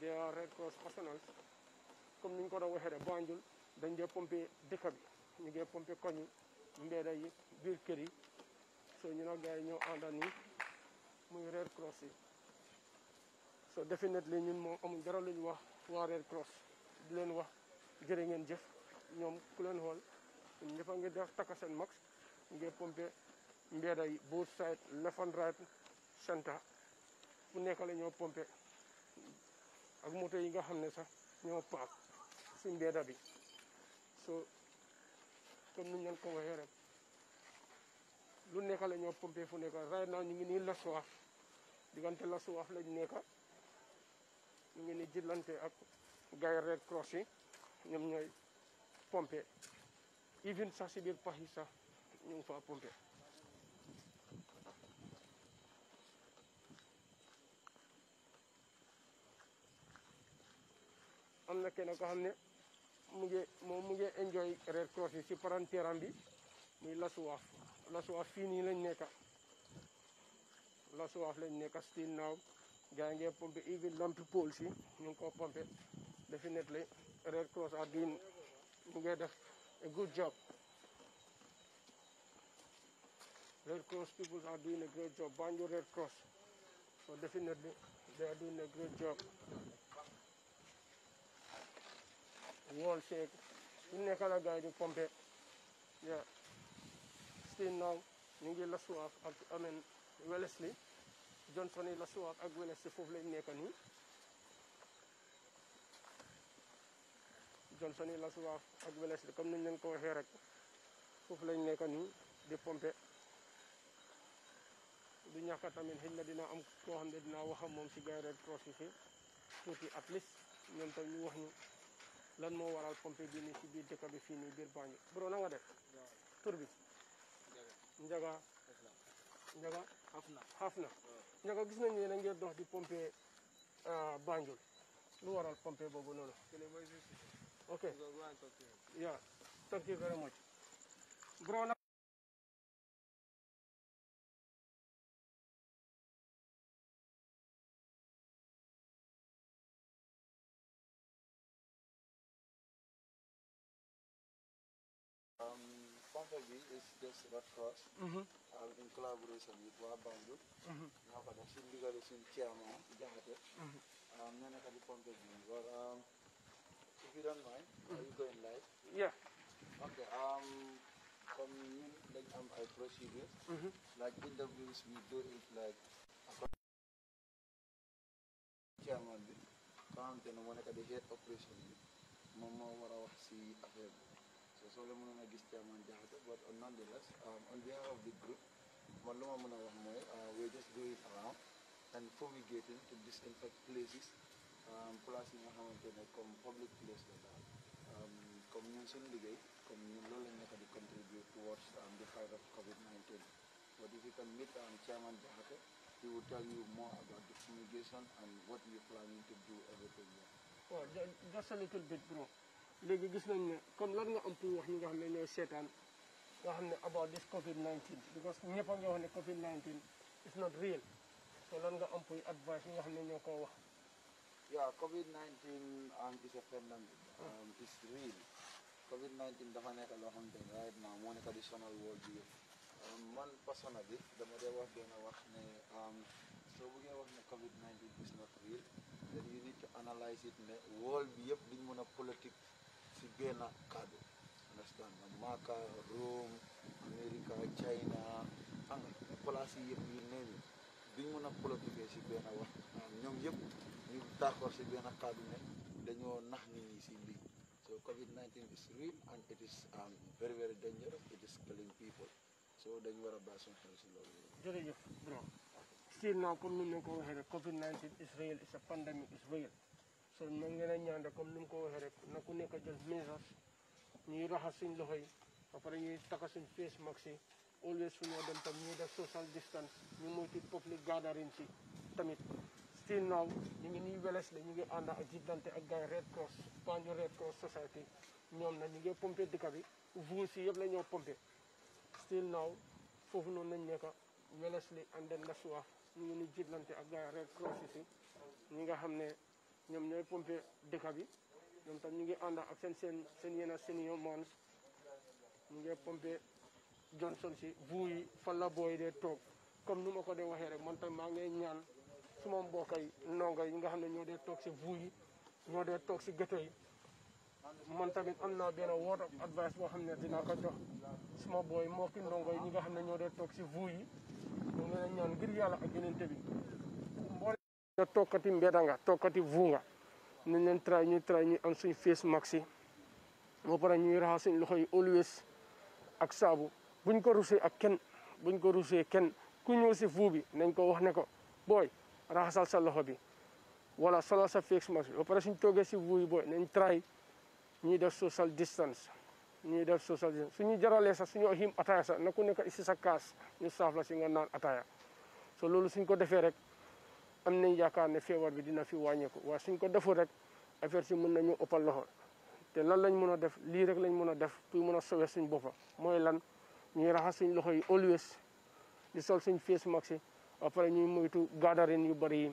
di Red Cross personnel comme ni ñu ko doon waxee rek Banjul dañ dee pompé dëkk bi ñu ngi pompé koñ yi mbeeda yi biir kër yi so ñu nag gars yi ñoo àndal nii muy Red Cross yi so definitely ñun moom amuñ dara lu ñu wax waa Red Cross di leen wax jërë ngeen jëf ñoom ku leen xool ñun ñëpp a ngi def takk seen max ngir pompé mbeeda yi both side left and santa mu nekk la ñoo pompe ak moto yi nga xam ne sax ñoo paak si mbeeda bi so kon nu ñu ko waxee rek lu nekk la ñoo pompe fu nekk right now ñu ngi nii lasuwaaf diggante lasuwaaf lañ nekk ñu ngi nii jillante ak gaay Red Cross yi ñoom pompe even sax si biir yi sax ñu ngi faa pompe am na kenn ko xam ne mu ngi moom mu ngi enjoy Red Cross yi si parantéram bi muy la la Lasuwaaf fii nii lañ nekk la Lasuwaaf lañ nekk still now gaa ngi pompé even lampi pole si ñu ngi ko pompé definitely Red Cross are doing mu ngi def a good job Red Cross people are doing a great job banjo Red Cross so definitely they are doing a great job wall shake bu nekk la gars yi pump pompé yeah still now ñu get la suwaaf I mean, Wellesley Johnson yi la suwaaf ak Wellesley foofu lañ nekk nii Johnson yi la suwaaf ak Wellesley Come niñ leen ko here. For the lañ nekk the pump pompé du ñàkk tamit xëy na dina am koo xam ne dina wax ak moom si gars yi Red Cross yi fii tuuti at least ñoom tam ñu wax ñu lan mo waral pompe bi ni ci biir dëkk bi fii nii biir bro na nga def tur bi njaga njaga xafna xafna njaga gis nañ ne ngeen dox di pompe euh, Banjul lu waral pompe boobu noonu ok Ya, thank you very much bro It's is just Red Cross mm -hmm. in collaboration with waa Banjul ñoo ko def suñ digale chairman Jaxate ñoo nekk um, if you don't mind are you mm-hmm. going live yeah okay um, like ñun dañ am ay procédure like interviews we do it like chairman bi nga xamante head operation Mama, moom moo war Solomon Agis Chairman Jahato, but nonetheless, um, on behalf of the group, man luma mën a wax mooy we're just it around and fumigating to disinfect places place yi nga xamante ne comme public place la daal comme ñun suñu liggéey comme ñun loolu lañ nekk di contribute towards the fight of COVID-19 but if you can meet um, Chairman Jahato he will tell you more about the fumigation and what you're planning to do everything here. Well, just a little bit, bro léegi gis nañ ne kon lan nga am pour wax ñi nga xam ne ñooy seetaan nga xam ne about this COVID-19 because ñëpp a ngi wax ne COVID-19 is not real so lan nga am pour advice ñi nga xam ne ñoo ko wax yeah COVID-19 am um, is a hmm. um, is real COVID-19 dafa nekk loo xam ne right now moo nekk additional world bi um, man persona bi dama dee wax benn wax ne um, soo bëggee wax ne COVID-19 is not real then you need to analyse it ne world bi yëpp duñ mën a politique si benn kàddu understand nga Maka Rome America China xam nga place yi yëpp a politique si benn wax ñoom yëpp ñu d'accord si benn kàddu ne dañoo nax nit ñi si lii so COVID-19 is real and it is um, very very dangerous it is killing people so dañu war a bàyyi suñu xel loolu jërëjëf bro still now comme ni ñu ko waxee rek COVID-19 is is a pandemic is so nag a ñaan rek comme ni mu ko waxee rek na ku ñuy raxas suñ loxo yi ba pare ñuy takka suñ face mask yi always fu ñoo dem tam ñuy def social distance ñu moytu public gathering si tamit still now ñu ngi nii weles la ñu ngi ànd ak jiblante ak gars Red Cross Banjul Red Cross Society ñoom na ñu ngi pompé dëkk bi vuus si yëpp la ñoo pompé still now foofu noonu lañ nekk weles li anden la suwaaf ñu ngi ni jiblante a gars Red Cross si ñi nga xam ne ñoom ñooy pompe dëkk bi ñoom tam ñu ngi ànd ak seen seen seen yéen a seen mons ñu ngi pompe Johnson si bu yi fan la booy dee toog comme nu ma ko dee waxee rek man tam maa ngi ñaan suma mbokk yi ndongo yi nga xam ne ñoo dee toog si bu yi ñoo dee toog si ghetto yi man tamit am naa benn word of advice boo xam ne dinaa ko jox suma booy mbokki ndongo yi ñi nga xam ne ñoo dee toog si bu yi ñu ngi ñaan ngir yàlla ak yeneen bi te tokati mbeda nga tokati vunga nañ leen tra ñu tra ñu am suñu face maxi yi para ñuy raxas suñ loxo always ak sabu buñ ko rusé ak ken buñ ko rusé ken ku ñu si fu bi nañ ko wax ne ko booy raxasal sa loxo bi wala solo sa face maxi bi para suñ toogee si vuu boy. nañ try ñuy def social distance ñuy def social distance suñu jaralé sax suñu him ataya sax na ku nekk si sa kaas ñu saaf la ci nga naan ataya so lolu suñ ko défé rek am nañ yaakaar ne feebar bi dina fi wàññeeku waaye suñ ko deful rek affaire si mën nañu ëppal loxo te lan lañ mën a def lii rek lañ mën a def pour mën a sauver suñ boppa mooy lan ñuy raxas suñ loxo yi always di sol suñ face mask yi ba pare ñuy moytu gathering yu bari yi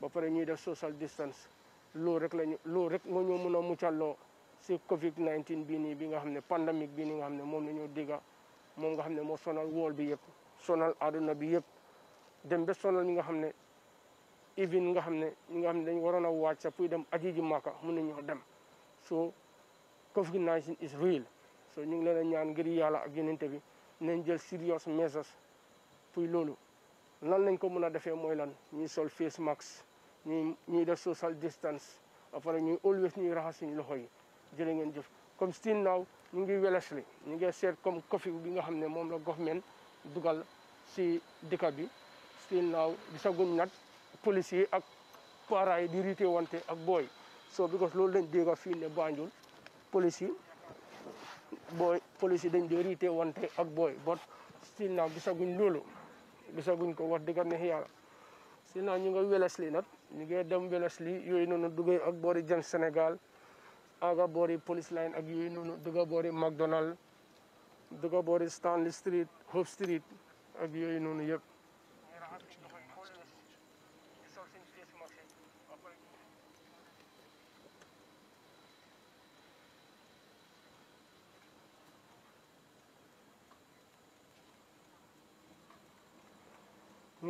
ba pare ñuy def social distance loolu rek lañu loolu rek moo ñoo mën a muccalloo si covid 19 bi nii bi nga xam ne pandémique bi nii nga xam ne moom la ñoo digga moom nga xam ne moo sonal wool bi yëpp sonal àdduna bi yëpp even nga xam ne ñi nga xam ne dañ waroon a waaj sax pour dem aji ji màkka mun nañoo dem so COVID-19 is real so ñu ngi leen ñaan ngir yàlla ak yonente bi nañ jël serious measures pour loolu nan lañ ko mën a defee mooy lan ñuy sol face mask ñu ñuy def social distance après ñuy always ñuy raxas suñu loxo yi jërë ngeen jëf comme still now ñu ngi welesli ñu ngi seet comme coffee bi nga xam ne moom la government dugal si dëkk bi still now gisaguñ nag police yi ak parents yi di rité wante ak boy so because lolou lañ dégg fi né Banjul police yi booy police yi dañ di rité wante ak boy but still na gisaguñ lolou gisaguñ ko wax diga neex yalla sino ñu nga Wellesley nak ñu ngi dem Wellesley yoy nonu duggé ak boori jën Sénégal aga boori police line ak yoy nonu duggé boori McDonald duggé boori Stanley Street Hope Street ak yoy nonu yépp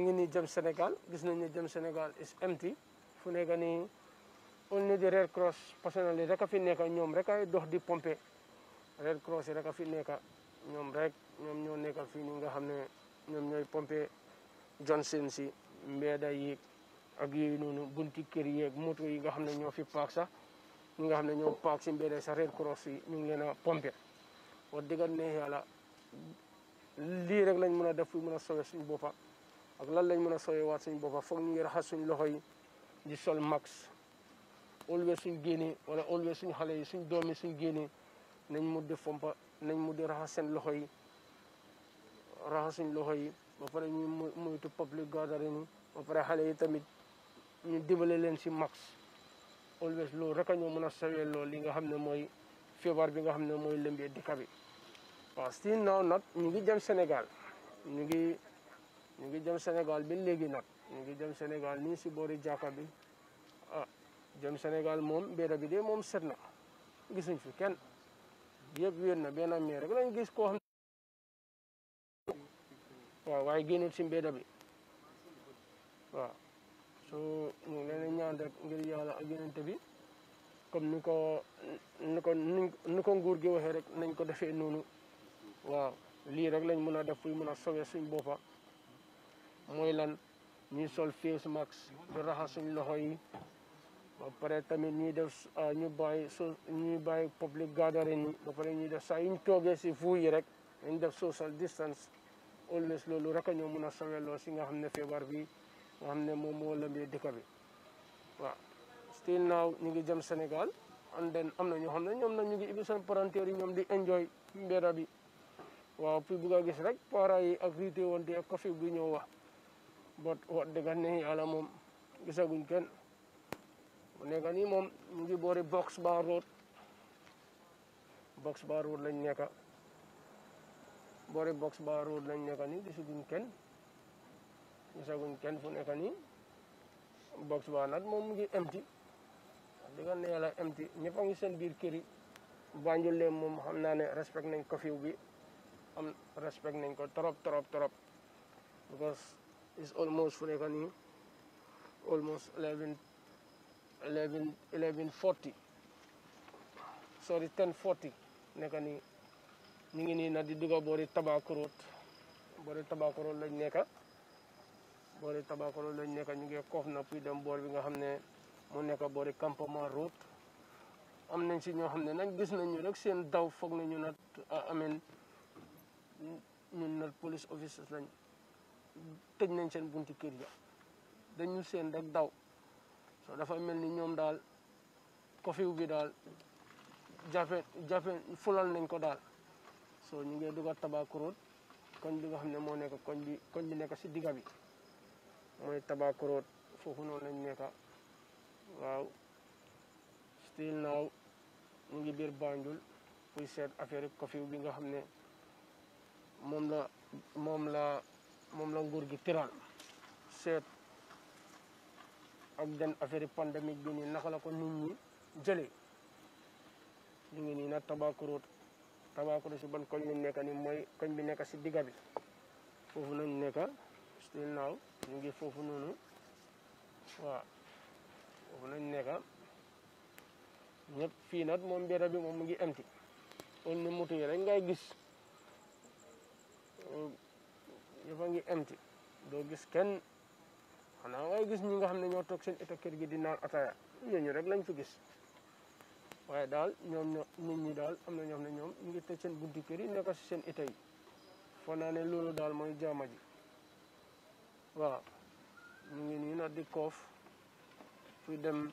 ngi nii jëm Sénégal gis nañ ne jëm Sénégal is fu nekk nii only the Red Cross personnel rek a fi nekk ñoom rek ay dox di pompe Red Cross yi rek a fi nekk ñoom rek ñoom ñoo nekk fii nii nga xam ne ñoom ñooy pompe Johnson si mbeeda yi ak yooyu noonu bunti kër yeeg moto yi nga xam ne ñoo fi paak sax ñi nga xam ne ñoo paak si mbeeda sax Red Cross yi ñu ngi leen a pompe wax dëgg ne yàlla lii rek lañ mën a def fu mën a sowe suñu boppa ak lan lañ mën a sooyewaat suñ boppa foog ñu ngi raxas suñ loxo yi di sol max always suñ génnee wala always suñ xale yi suñ doom yi suñ génnee nañ mu di fompa nañ mu di raxas seen loxo yi raxas suñ loxo yi ba pare ñu moytu public gathering yi ba pare xale yi tamit ñu dimbale leen si max always loolu rek a ñoo mën a sawee loolu li nga xam ne mooy feebar bi nga xam ne mooy lëmbee dëkk bi waaw still now nag ñu ngi jëm Sénégal ñu ngi ñu ngi jëm Sénégal bi léegi nag ñu ngi jëm Sénégal nii si boori jàkka bi ah jëm Sénégal moom mbedd bi de moom set na gisuñ fi kenn yëpp wér na benn meer rek lañ gis koo xam waaw waaye génnul si mbedd bi waaw so ñu ngi leen ñaan rek ngir yàlla ak yonent bi comme ni ko ni ko ni ko nguur gi waxee rek nañ ko defee noonu waaw lii rek lañ mën a def pour mën a sauver suñ boppa mooy lan ñuy sol face mask di raxas suñ loxo yi ba pare tamit ñuy def ah, ñu bàyyi so ñuy bàyyi public gathering yi ba pare ñuy def saa ñu toogee si vuu yi rek dañ def social distance always loolu rek a ñoo mun a sawelloo si nga xam ne feebar bi nga xam ne moom moo lëmbee dëkk bi waaw still now ñu ngi jëm Sénégal and then am na ñoo xam ne ñoom na ñu ngi ubbi seen parenteer yi ñoom di enjoy mbeda bi waaw fi bugg a gis rek para yi ak riite woon di ak wax bot wax dëgg ne yàlla moom gisaguñ kenn mu nekk nii moom ñu ngi boori box bar road box bar road lañ nekka boori boks bar road lañ nekka nii ken kenn gisaguñ kenn fu nekka nii box bar nag moom mu ngi empty wax dëgg ne yàlla empty ñëpp a ngi seen biir kër yi leen moom xam naa ne respect nañ curfew bi am respect nañ ko trop trop trop is almost Furekani, almost 11, 11, 1140. Sorry, 1040 nekk nii ñu ngi nii nag di dugg boori Tabakuroot boori Tabakuroot lañ nekk tabak Tabakuroot lañ nekk ñu ngi koof na puy dem boor bi nga xam ne mu nekk boori campement route am nañ si ñoo xam ne nag gis nañ ñu rek seen daw foog na ñu nag ah, ñun nag police officers lañ tëj nañ seen bunti kër ya dañu seen rek daw so dafa mel ni ñoom daal kofiw bi daal jafe jafe fulal nañ ko daal so ñu ngi dugal Tabakuroot koñ bi nga xam ne moo nekk koñ bi koñ bi nekk si digga bi mooy Tabakuroot foofu noonu lañ nekk waaw still now ngi biir Banjul kuy seet affaire bi nga xam ne moom la moom la moom la nguur gi tëral seet ak den affaire pandémique bi nii naka ko nit ñi jëlee ñu ngi nii nag Tabakoro Tabakoro si ban koñ lañ nekk nii mooy koñ bi nekk si digga bi foofu lañ nekk still now ñu ngi foofu noonu waaw foofu lañ nekk ñëpp fii nag moom mbedd bi moom mu ngi empty on ni moto rek ngay gis yëpp ngi emti doo gis kenn xanaa ngay gis ñi nga xam ne ñoo toog seen état kër gi di naan ataaya ñooñu rek lañ fi gis waaye daal ñoom ñoo nit ñi daal am na ne ñoom ñu ngi tëj seen bunti këri yi nekk si seen état yi foo naa ne loolu daal mooy jaama ji waaw ñu ngi nii nag di koof puy dem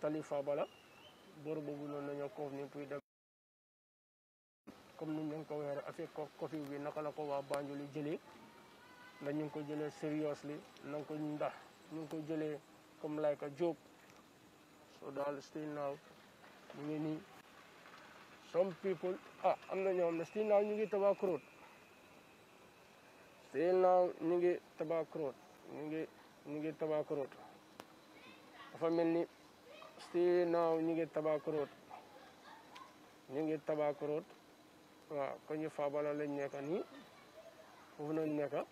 tali Fabala boor boobu noonu nañoo koof nii puy dem comme ni ñu leen ko weere affaire koof kofi bi naka la ko waa Banjul jëlee na ñu ngi ko jëlee seriously na nga ko ndax ñu ngi ko jëlee comme like a job so daal still now ñu ngi nii some people ah am na ñoo xam still now ñu ngi tabax road still now ñu ngi tabax road ñu ngi ñu ngi tabax road dafa mel ni still now ñu ngi tabax road ñu ngi tabax road waaw ko ñu faabala lañ nekka nii foofu nañ nekka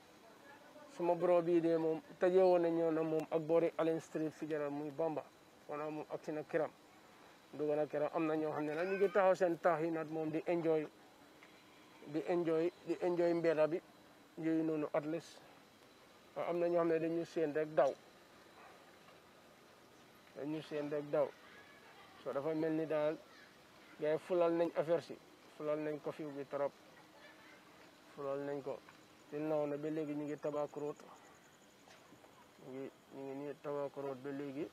suma bro bii de moom tëjee woon nañu na moom ak boori Allen Street fi jaral muy Bamba maanaam moom ak si na kiram dugg na kiram am na ñoo xam ne nag ñu taxaw seen taax yi nag moom di enjoy di enjoy di enjoy mbedda bi noonu at am na ñoo xam ne dañu seen rek daw dañu seen rek daw so dafa mel ni daal gars yi fulal nañ affaire si fulal nañ ko fiw bi trop fulal nañ ko te naaw na ba léegi ñu ngi tabaak root ñu ngi ñu ngi nii tabaak root ba léegi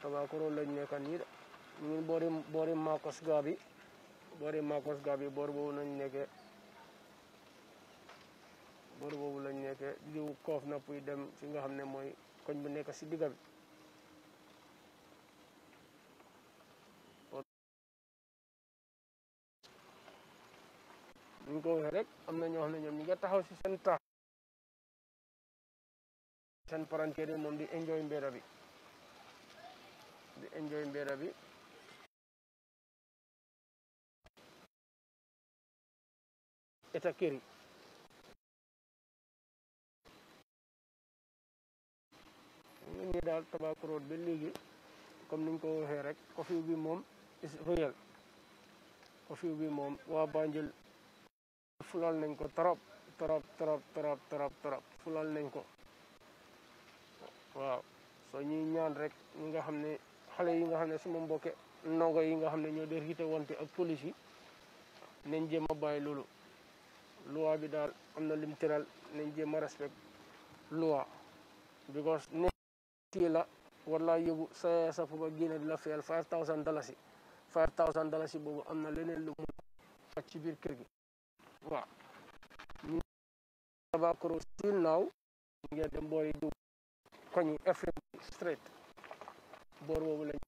tabaak root lañ nekk nii de ñu ngi boori boori Marcos Garvey boori Marcos Garvey boor boobu lañ nekkee boor boobu lañ nekkee diw koof na puy dem ci nga xam ne mooy koñ bu nekk si digga bi ni ko waxee rek am na ñoo xam ne ñoom ñi nga taxaw si seen tax seen parenteer yi moom di enjoy mbéda di enjoy mbéda bi eta kër daal Tobacco Road ba léegi comme niñ ko waxee rek curfew bi moom is real curfew bi moom waa Banjul fulool nañ ko trop trop trop trop trop trop fulool nañ ko waaw soo ñuy ñaan rek ñi nga xam ne xale yi nga xam ne suma mbokke ndongo yi nga xam ne ñoo de rite wante ak police yi nañ jéem a bàyyi loolu loi bi daal am na lim tëral nañ jéem a respect loi because ne kii la war laa yóbbu sa sa fu ba génne di la fayal five thousand dalasi five thousand dalasi boobu am na leneen lu mu ci biir kër gi waaw ñu Tabakoro still now ñu ngi dem boori du koñi FM straight boor boobu lañ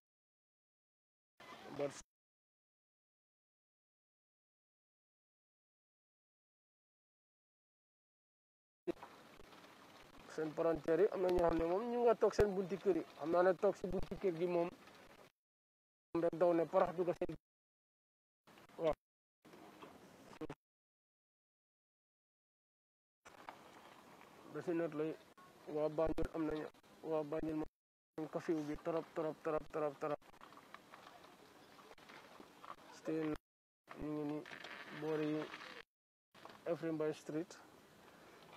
seen parenteer yi am na ñoo xam ne moom ñu nga toog seen bunti yi xam naa ne toog si bunti gi moom rek daw ne parax ko seen lay wa am سنر لي وابانير أمنيا وابانير منكفي وبي torop torop torop طرب طرب still نيني بوري Efrim by street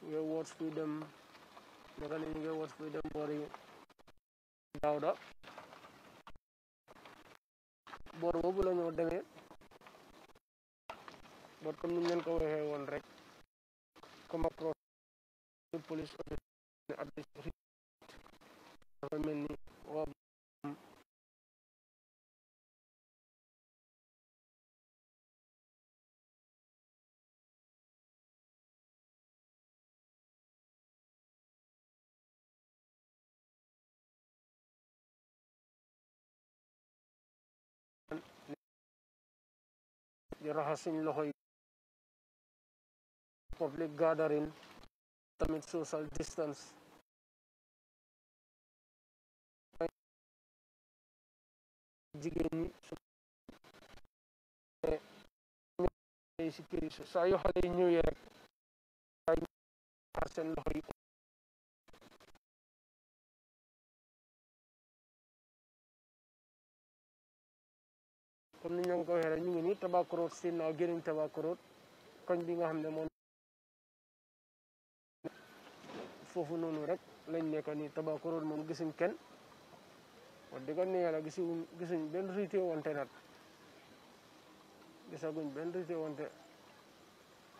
we watch freedom nga ñu ngi watch freedom boori Daawda bor bobu la ñoo demee boor comme ñu ñen ko waxé won rek comme approche police at the street dafa mel ni public gathering tamit social distance jigéen ñi su si kër yi saa yoo xale yi ñëwee rek xar seen loxo yi comme ni ñu ko waxee rek ñu ngi nii Tobacco Road si naaw génn Tobacco Road koñ bi nga xam ne moom Fufu nonu rek lañ nekk ni tabakuroon moom ken kenn wax dëgg ne yàlla gisuñ gisuñ benn rité wante nag gisaguñ benn rité wante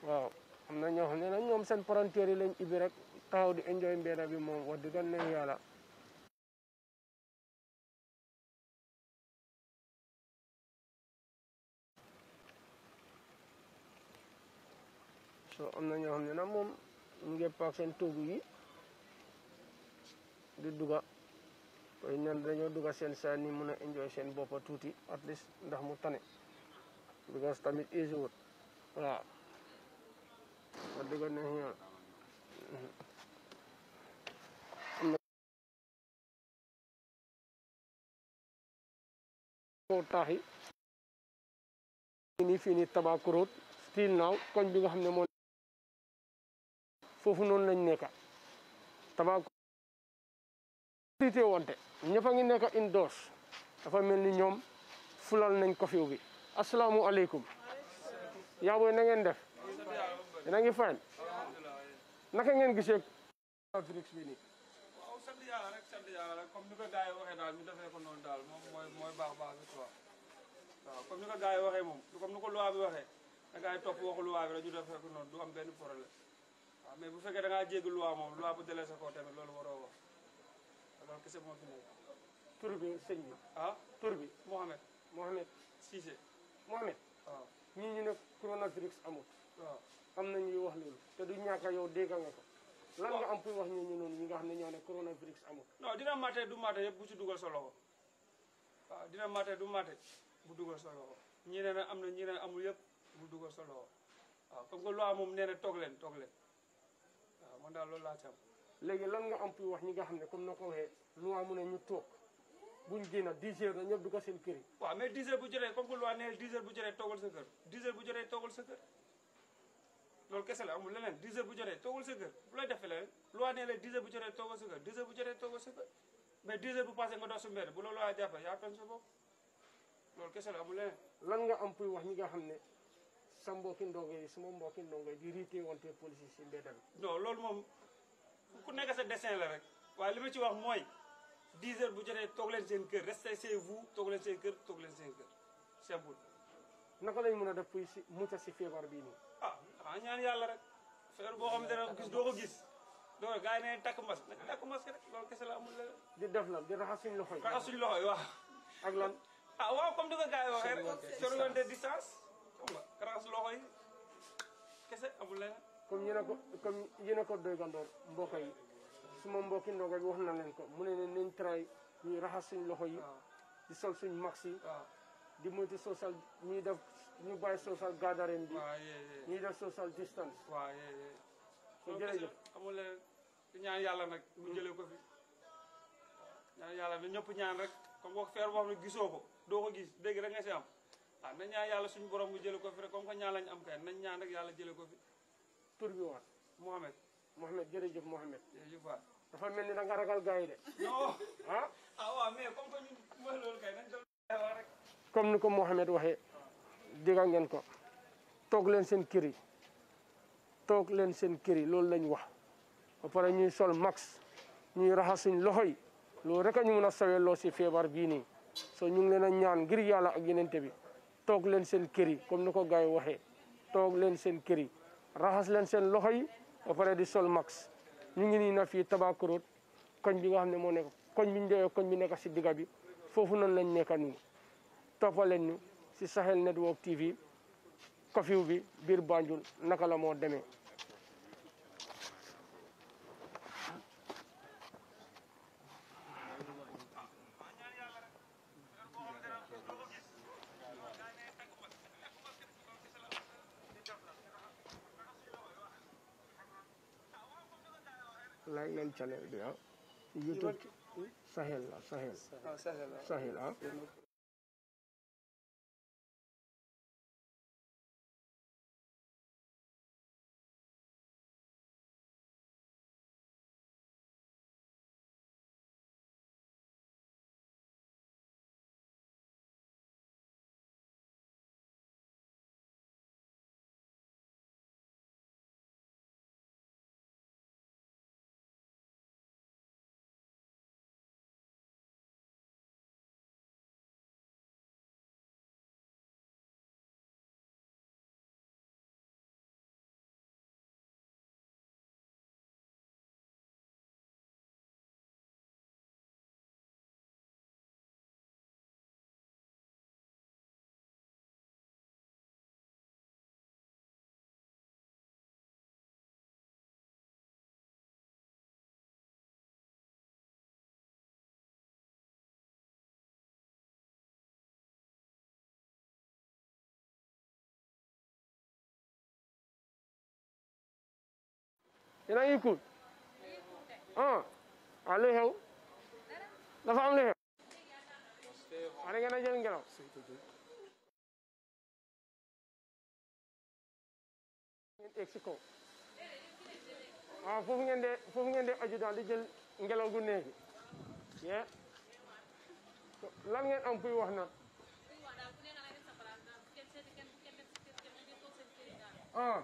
waaw amna ñoo xam nak nag ñoom seen paranteer yi lañ ibi rek taw di enjoy bi mom wa diga ne yalla so amna ñoo xam nak mom ñu ngi yi di duga koy ne dañoo duga seen saa ni mun a enjoy seen boppa tuuti at least ndax mu tane because tamit easy wut waaw a dëgga ne yàlla mm-hmm. bi nga xam ne moo foofu noonu lañ nekka Tobacco cité wonté ñëpp a ngi nekk indoors dafa melni ñom fulal nañ ko fiw bi assalamu alaykum ya boy na ngeen def na ngi fane naka ngeen gisee Afrique bi ni waaw sant yalla rek sant yalla rek comme ni ko gars yi waxee ñu defee ko non dal mom moy moy baax baax ci toi waaw comme ni ko gars yi waxee comme ni ko loi bi waxee da gaay top waxu loi bi rek ñu defee ko non du am benn problème waaw mais bu fekkee da nga jéggi loi mom loi bu délé sa ko tamit loolu waro wax waaw kese moo fi nekk. tur bi sëñ bi. ah tur bi. Mohamed. Mohamed Cissé. Mohamed. waaw ah. ñii ñu ne coronavirus amut. waaw ah. am na ñuy wax loolu. te du ñàkk yow dégg nga ko. lan nga am pour wax ñu ñu noonu ñi nga xam ne ñoo ne coronavirus amut. non dina mate du mate yëpp bu ci dugal sa loxo waaw ah, dina mate du mate bu dugal solo loxo ñii ne na am na ñii ne amul yëpp bu dugal solo loxo waaw comme que moom nee na toog leen toog leen waaw man daal loolu laa ci léegi lan nga am pour loi mu ne ñu tok buñu génn 10 heures na duko seen kër wa mais 10 heures bu jëlé comme que loi nee 10 heures bu jëlé togal sa kër 10 heures bu jëlé togal sa kër lool kese la amul leneen 10 heures bu jëlé togal sa kër bu lay defee leneen loi nee la 10 heures bu jëlé togal sa kër 10 heures bu jëlé togal sa kër mais 10 heures bu passé nga do su mbedd bu la loi jàppee ya pen sa bok lool kese la amul leneen. lan nga am puy wax ñi nga xamné sa mbokki ndongo yi suma mbokki ndongo di rité wonté police ci mbédal non lool mom ku nekk sa dessin la rek waaye li ma ci wax mooy 10 heures bu jotee tok len sen kër restez chez vous tok len sen kër tok len sen kër simple. naka lañ mën a def pour si mucc si feebar bii nii. ah ah ñaan yalla rek. fièvre bo xam dara gis doo ko gis. do gaay yi ne takk masque nag takk masque rek loolu kese la amul la di def lan di raxas suñu loxoy yi. suñ loxoy wa ak lan. ah wa comme du ko gars yi waxee rek. surveillance distance xam nga raxas loxo yi kese amul la comme ñu nako comme ñu nako doy gandor mbokay suma mbokki ndog bi wax na len ko mune ne ne tray ñuy raxas suñ loxo yi ah. di sol suñ maxi ah. di moytu social ñi def ñu bay social gathering bi ñi def social distance wa ye ye waaw jere jëf amul ah, leen ñaan yalla nak mu mm. jele ko fi ñaan yalla na ñop ñaan rek comme wax fer boo xam ne gisoo ko gis deg rek nga ci am ah nañ ñaan yalla suñ borom mu jele ko fi rek comme ko ñaan lañ am kay nañ ñaan rek yalla jele ko fi tour bi waat mohammed Mouhamed jërëjëf Mouhamed. jërëjëf waay. dafa mel ni da nga ragal gars ah comme que ñu mooy loolu kay nañ rek. comme waxee. digal ngeen ko. toog leen seen kër yi toog leen seen kër yi loolu lañ wax ba pare ñuy sol max ñuy raxas suñ loxo yi loolu rek a ñu mën a sawee loo si feebar bii nii soo ñu ngi leen a ñaan ngir yàlla ak yenente bi toog leen seen kër yi comme ni ko gars yi waxee toog leen seen kër yi raxas leen seen loxo yi. ba pare di sol max ñu ngi nii na fii tabakuroot koñ bi nga xam ne moo nekk koñ bi ñu doyoo koñ bi nekk si digga bi foofu noonu lañ nekk nii toppaleen ñu si Sahel Network TV Kofiw bi biir Banjul naka la moo demee चले गया ये तो सहेल सहेल Sahel yéen a ngi kuul ah, ah lu xew dafa am lu xew wax da ngeen a jël ngelaw ngeen teg si kaw waaw ah, foofu ngeen de foofu ngeen de aju daal di jël ngelaw gu neex gi ye ngeen am kuy wax na ah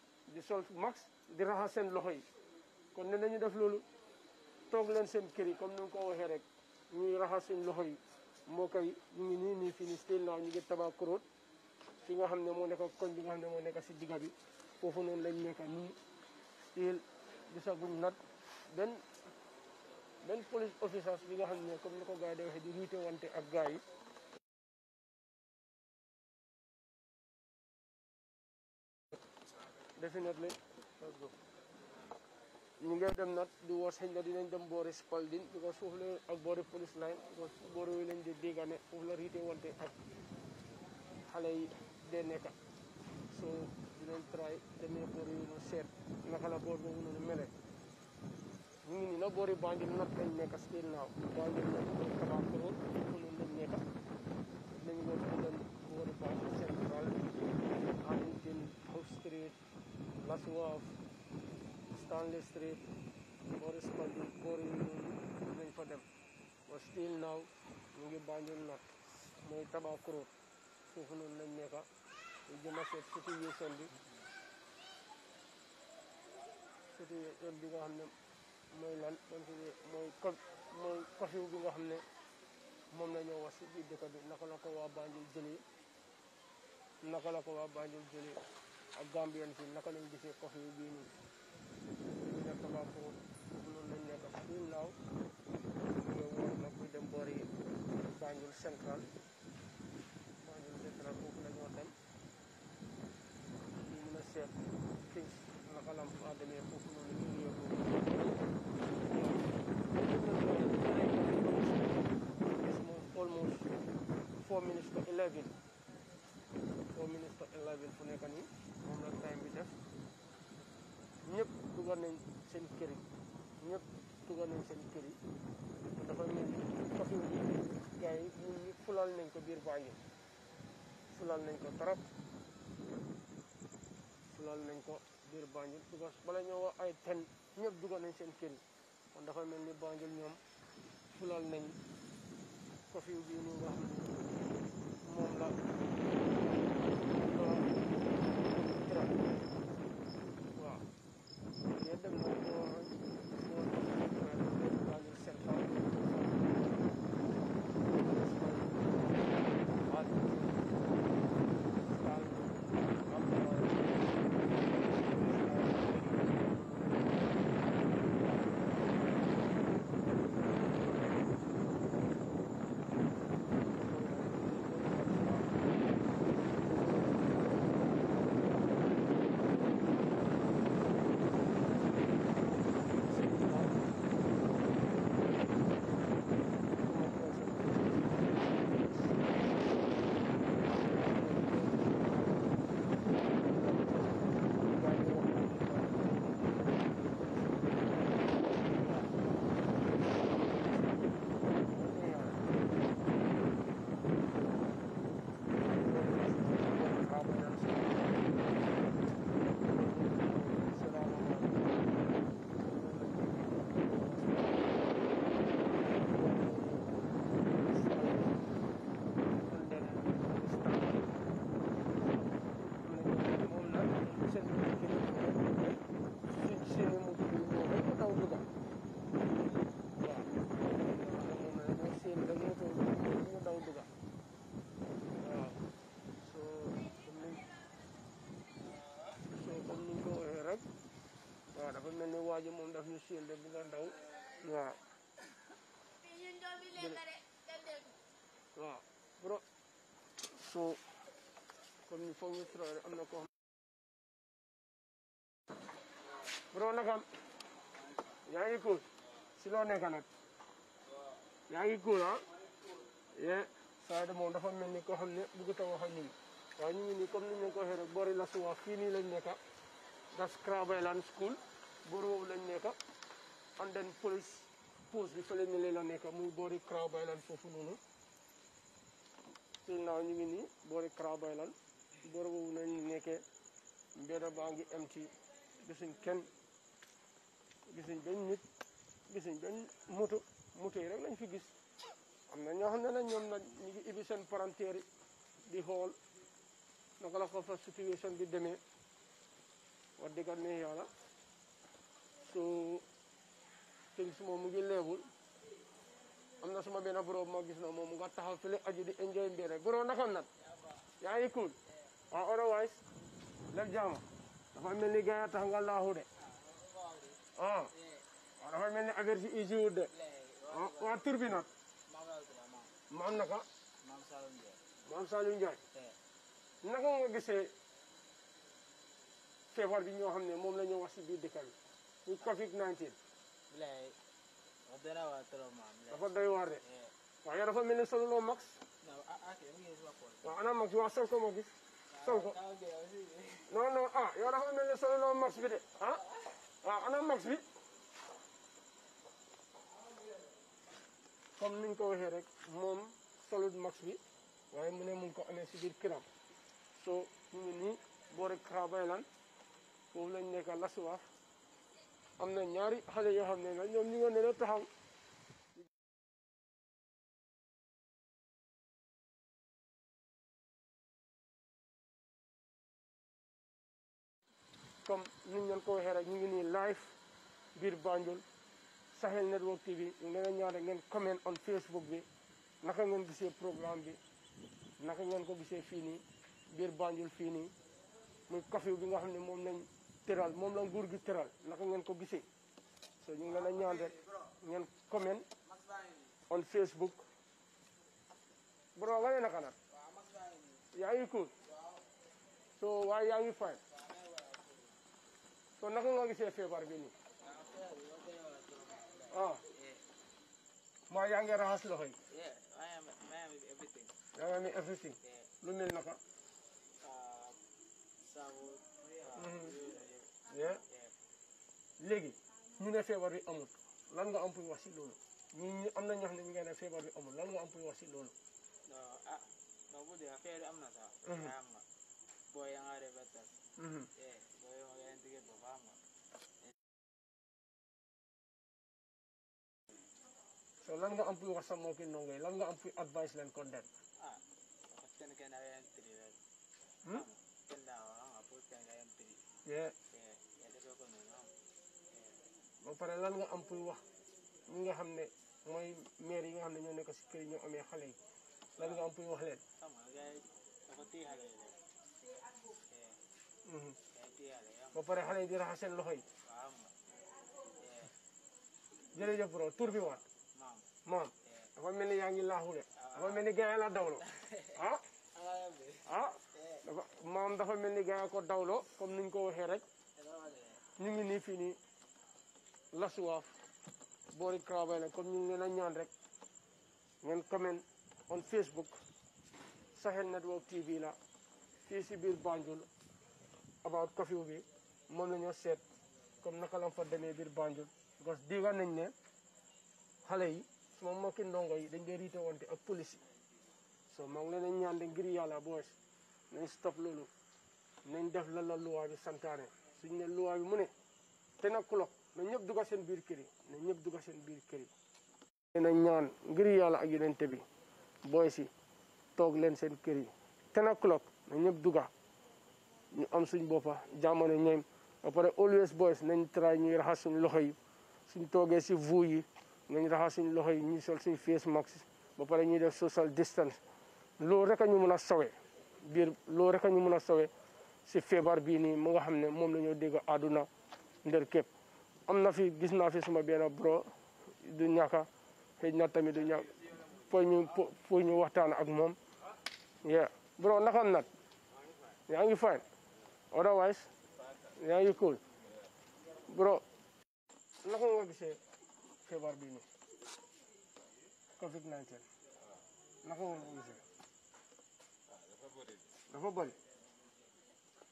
di sol max di raxas seen loxo yi kon ne nañu def loolu toog leen seen kër yi comme ni ko waxee rek ñuy raxas seen loxo yi moo koy ñu ngi nii nii fii nii stil naaw ñu ngi Tobacco Road fi nga xam ne moo nekk koñ bi nga xam ne moo si digga bi foofu noonu lañ nekk nii stil gisaguñ nag benn benn police officers bi nga xam ne comme ni ko gars yi di waxee di riite wante ak gars yi Definitely. Let's go. Neither them not do what Hindu didn't them Boris called in because Ufler Agbori police line because Boru will in the dig and Ufler hit one day at Halay de Neka. So didn't try the Boru will share Nakala Boru in the Mele. Meaning nobody banding not in Neka still now. Banding not in Kabak Road, people in the Neka. Then you go to the Boru Bandit Central and in House Street. Basua of Stanley Street corresponding corresponding for them was still now ngi Banjul North mooy Tobacco Road foofu noonu lañ nekk ñu jëm a seet situation bi situation bi nga xam ne mooy lan kon fi mooy mooy curfew bi nga xam ne moom la ñoo wax si biir dëkk bi naka la ko waa Banjul jëlee naka la ko waa Banjul jëlee ak Gambien fii naka lañ gisee cof yi bii nii ñu nekk Bantoul foofu noonu lañ nekk fii naaw dem boori Banjul central Banjul central four minutes to four minutes to fu nekk nii moom la time bi def ñëpp dugal nañ seen kër yi ñëpp nañ seen kër yi dafa mel ni coxu yi gars yi ñun ñu fulal nañ ko biir Banjul fulal nañ ko trop fulal nañ ko biir Banjul dugal bala ñoo wax ay ten ñëpp dugal nañ seen kër yi kon dafa mel ni Banjul ñoom fulal nañ coxu bii nii nga moom la. kii de bu nga ndaw waaw waaw bro so comme ni foog ñu troyé am na ko bro nakam yaa ngi cool si loo nekk nag yaa ngi cool ah ye Sadio moom dafa mel ni koo xam ne bëggut a wax ak ñun waaye ñu ngi nii comme ni ñu ko waxee rek boori la su wax fii nii lañ nekka das Crabbe Island School boor boobu lañ nekka and then police post bi fële ni la nekk muy boori Crown Baylan foofu noonu till now ñu ngi nii boori Crown Baylan boori boobu nañu nekkee mbedd baa ngi am gisuñ kenn gisuñ benn nit gisuñ benn mutu moto yi rek lañ fi gis am na ñoo xam ne na ñoom nag ñu ngi ibi seen palanteer yi di xool naka la ko fa situation bi demee wax dëgg ne yàlla so sëñ suma mu ngi leewul am na suma benn bro ma gis na moom mu nga taxaw fële aju di enjoy mbir rek bro naka nag yaa ngi cool waaw otherwise lef jaama dafa mel ni gars yi tax nga laaxu de ah waaw dafa mel ni affaire si isi wut de waa tur bi nag maam naka maam Saliou Ndiaye naka nga gisee feebar bi ñoo xam ne moom la ñu wax si biir dëkk bi muy Covid 19 bilaay dafa doy waar de. waaw yow dafa mel ni solo loo max. waaw ana max wax sol ko ma gis. sol ko non non ah yow dafa mel ni solo loo max bi de ah waaw ana max bi. comme niñ ko waxee eh? rek moom solul max bi waaye mu ne mu ko amee si biir kiram so ñu ngi nii boori Kara Baylan foofu lañ nekk Lasuwaaf am na ñaari xale yoo xam ne nga ñoom ñu nga ne la taxaw comme niñ leen ko waxee rek ñu ngi nii live biir Banjul Sahel Network TV ñu ngi leen ñaan ngeen comment on Facebook bi naka ngeen gisee programme bi naka ngeen ko gisee fii nii biir Banjul fii nii muy kafiw bi nga xam ne moom lañ tëral moom la nguur gi tëral naka ngeen ko gisee so ñu ngi leen ñaan rek ngeen comment on Facebook bro nga ne naka nag yaa ngi cool so waaye yaa ngi fine so naka nga gisee feebar bi nii ah. maa yaa ngi raxas loxo yi yaa ngi everything lu mel naka mm-hmm. Ya. léegi ñu né feebar bi amul lan nga am pour wax ci loolu ñi ñi am na ñox ni ñu ngi ne bi amul lan nga am pour wax loolu ah non bu am na mhm. am nga boy ya nga mhm. eh, boy ya nga am nga so lan nga am pour wax sa mbokki lan nga am pour advice dan ko dem ah, hmm? ah kenn kenn yaa ngi tri rek kenn daa wax nga ah, pour kenn yaa ngi ba pare lan nga am pour wax ñi nga xam moy mooy maire yi nga xam ñoo nekk ci kër yi ñoo amee xale yi lan nga am pour wax leen. ba pare xalé yi di raxas seen loxo yi. jërëjëf bro tour bi waat. mom dafa melni ya ngi laahu le dafa melni gaay la dawlo ha ha mom dafa melni gaay ko dawlo comme niñ ko waxee rek ñu ngi ni fini lasuwaaf boori Karaabay la comme ñu ngi leen a ñaan rek ngeen comment on Facebook Sahel Network TV la fii si biir Banjul about curfew bi moom la ñoo seet comme naka la fa demee biir Banjul parce que diiga nañ ne xale yi suma mbokki ndongo yi dañ dee riite wante ak police soo so maa ngi leen a ñaan de ngir yàlla boos nañ stop loolu nañ def la la luwaa santaane suñ ne luwaa mu ne ten o'clock na ñëpp duga seen biir kër yi na ñëpp duga seen biir kër yi dina ñaan ngir yalla ak yonente bi boy si tok leen seen kër yi ten o'clock na ñëpp duga ñu am suñ bopa jamono ñoom ba always boys nañ try ñuy raxas suñ loxo yi suñ toogee ci vuu yi nañ raxas suñ loxo yi sol suñ face mask ba pare ñuy def social distance loolu rek ñu mën a sawee biir rek ñu mën a si feebar bii nii mu nga xam ne moom la dégg àdduna ndër képp am na gis naa fi suma benn bro du ñàkka xëy na tamit du ñàkk pour ñu pour ak moom yeah bro naka nat yaa ngi fine otherwise yaa ngi cool bro naka nga gisee feebar bi nii covid 19 naka nga ko gisee dafa bëri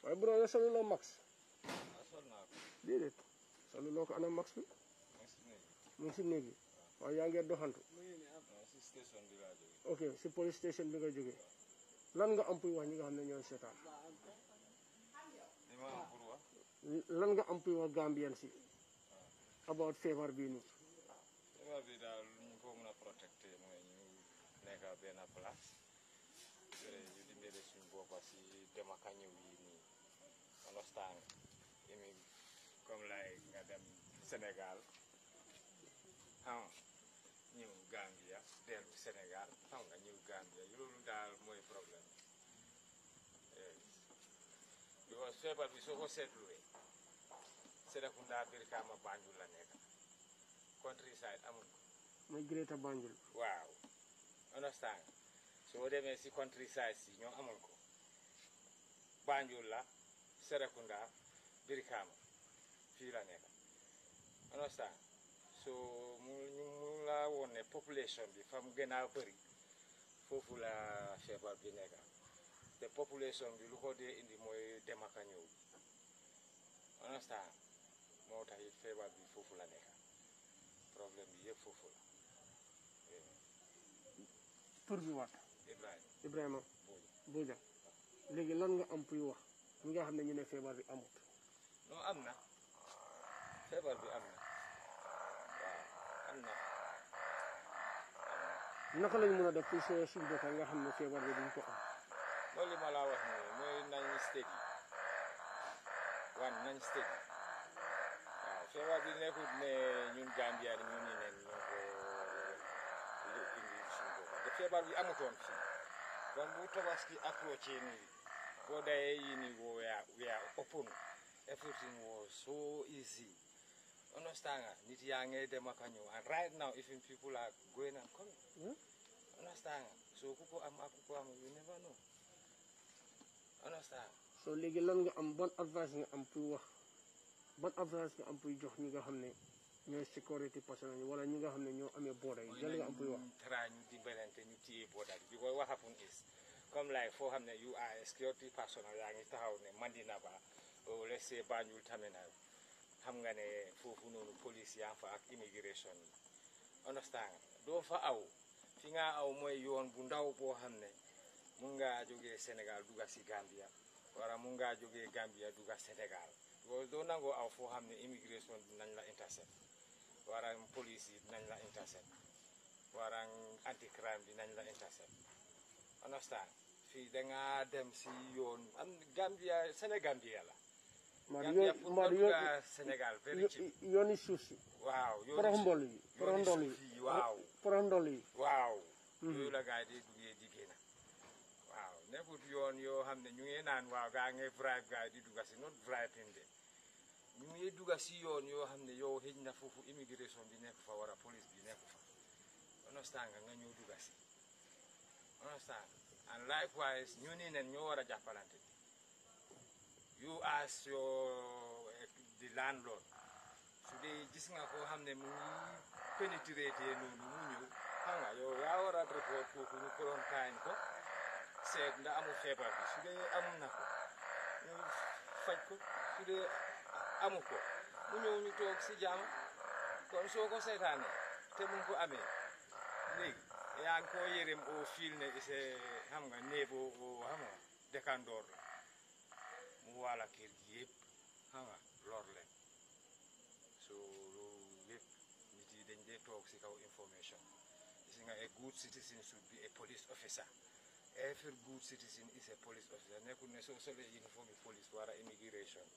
waaye bro yow soluloo max saluloo ko anam max bi mu ngi si néeg bi waaw yaa Oke, doxantu ok si police station bi nga jógee lan nga am puy wax ñi nga xam ne sih. lan nga am puy wax Gambien about feebar bii nii feebar bi daal protect ñu ko mën a protecté Jadi ñu nekk benn place yore ñu dimbale suñu boppa si comme lay nga dem Sénégal xam ah, ñëw Gambia dellu Sénégal xam ah, nga ñëw Gambia loolu daal un problème bi parce que feebar bi soo ko seetluwee Serekunda Brikama Banjul la nekk countryside amul ko. mooy Greater Banjul. waaw understand soo demee si countryside si ñoo amul ko Banjul la Serekunda Brikama. fii la nekk understand so mu ñu mu laa woon ne population bi fam gën a bëri foofu la feebar bi nekk te population bi lu ko dee indi mooy dem ak a ñëw understand moo tax feebar bi foofu la nekk problème bi yëpp foofu la bi waat Ibrahima Ibrahima léegi lan nga am pour wax ñi nga xam ne ñu ne feebar bi amut non am na اعتبر بأمنك وأمنك naka lañ mën a def pour suñu suñu bopp nga xam ne feebar bi duñ ko am. loolu li ma laa wax nii mooy nañ state yi wan nañ state yi waaw feebar bi nekkut ne ñun Gambia ni ñun ñu ne ñoo ko lu indi suñu bopp te feebar bi amutoon fii kon bu tabaski approché nii boo dayee yii nii woo yaa yaa open everything was so easy. Understand? Niti yange demakanyo. And right now, even people are going and coming. Hmm? Understand? So kuko am akuko am, you never know. Understand? So léegi lan nga am bon advice nga am pour wax bon advice nga am pour jox ñi nga xam ne ñooy sécurité personnel yi wala ñi nga xam ne ñoo amee border yi lan nga am pour wax. tra ñu dimbalante ñu téye border bi because what happen is comme like foo xam ne you are a security personnel yaa ngi taxaw ne Mandina ba oh, let's say Banjul terminal xam nga ne foofu noonu police yaa fa ak immigration yi understand doo fa aw fi nga aw mooy yoon bu ndaw boo xam ne mun ngaa jógee Sénégal dugga si Gambia wala mun ngaa jógee Gambia dugga Sénégal loolu doo aw foo xam ne immigration nañ la intercept wala police yi dinañ la intercept wala anti crime dinañ la intercept understand fii dangaa dem si yoon am Gambia Sénégambia la Modou yoo yooni suuf si. waaw porox ndol yi porox ndol yi waaw porox ndol yi. waaw. yooyu la gars yi di duggee di génn waaw nekkut yoon yoo xam ne ñu ngi naan waaw gaa ngay drive gaa yi di dugg si not driving de ñu ngi dugg si yoon yoo xam ne yow xëj na foofu immigration bi nekk fa wala police bi nekk fa understand nga nga ñëw dugg si understand and likewise ñu nii nen ñoo war a jàppalante. you as your eh, the landlord su dee gis nga koo xam ne mu ngi pénétrer noonu mu ñëw xam nga yow yaa war a report kooku ñu quarantine ko seet ndax amul feebar bi dee amul na ko ñu faj ko su dee amul ko mu ñëw ñu toog si jàmm kon soo ko seetaanee te mu ko amee léegi yaa ngi yërëm oo fiil ne ise xam nga néebo oo xam nga dëkkandoor muala ker yep hanga lorle so lu yep niti den de talk si kaw information singa a good citizen should be a police officer every good citizen is a police officer nekul ne so solo uniform police wara immigration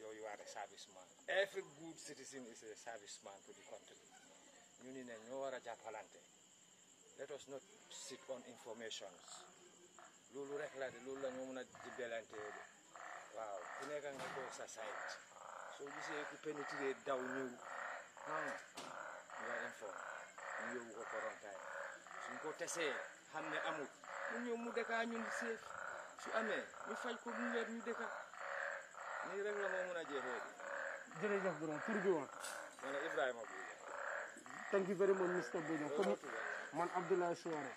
yo you are a serviceman every good citizen is a serviceman to the country ñu ni ne ñoo war jàppalante let us not sit on informations loolu rek la de loolu la ñu mën a bu nekk nga koy sa site soo gisee ku pénétrer daw ñëw xam nga informe ñu yóbbu ko korontaay suñ ko tesee xam ne amul mu ñëw mu dëkkaa ñun seef su amee ñu faj ko bu weer ñu dëkka nii rek la moo mën a jeexee bi jërëjëf borom tur bi woon ma ne Ibrahima Bouya thank you very much Mr Bojang comme man Abdoulaye Souare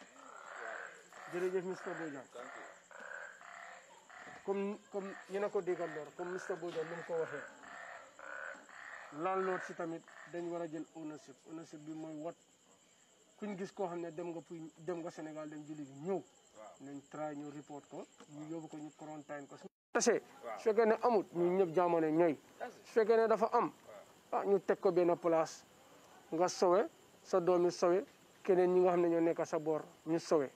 jërëjëf Mr Bojang comme comme ñu ne ko déggandoor comme mister Bodian ni mu ko waxee landlord si tamit dañ war a jël ownership ownership bi mooy wat kuñ gis koo xam ne dem nga puy dem nga Sénégal dem julli bi ñëw nañ try ñu report ko ñu yóbbu ko ñu quarantine ko su tasee su fekkee ne amut ñu ñëpp jaamone ñooy su fekkee ne dafa am ah ñu teg ko benn place nga sowe sa doomi sowe keneen ñi nga xam ne ñoo nekk sa boor ñu sowe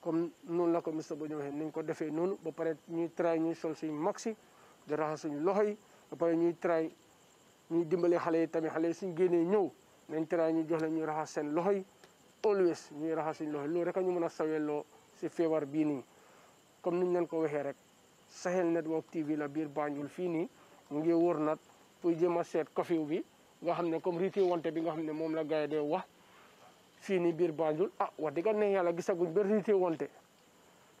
comme noonu la ko mista ba ni ko défé noonu ba paré ñuy try ñuy sol suñu maxi di raxas suñ loxo ba paré ñuy try ñuy dimbalé xalé tamit xalé suñu suñ ñew nañ try ñu jox la ñuy raxas sen loxoy always ñuy raxas suñu loxoy lo rek ñu mëna a sawelloo si feebar bii comme niñ leen ko waxé rek Sahel Network TV la bir bañul fi ni ngi wor nag pour jéem a coffee bi nga xamné comme rité wonté bi nga xamné mom la gaay dé wax fini bir Banjul ah wa diga ne yàlla gisaguñ ber riite wonté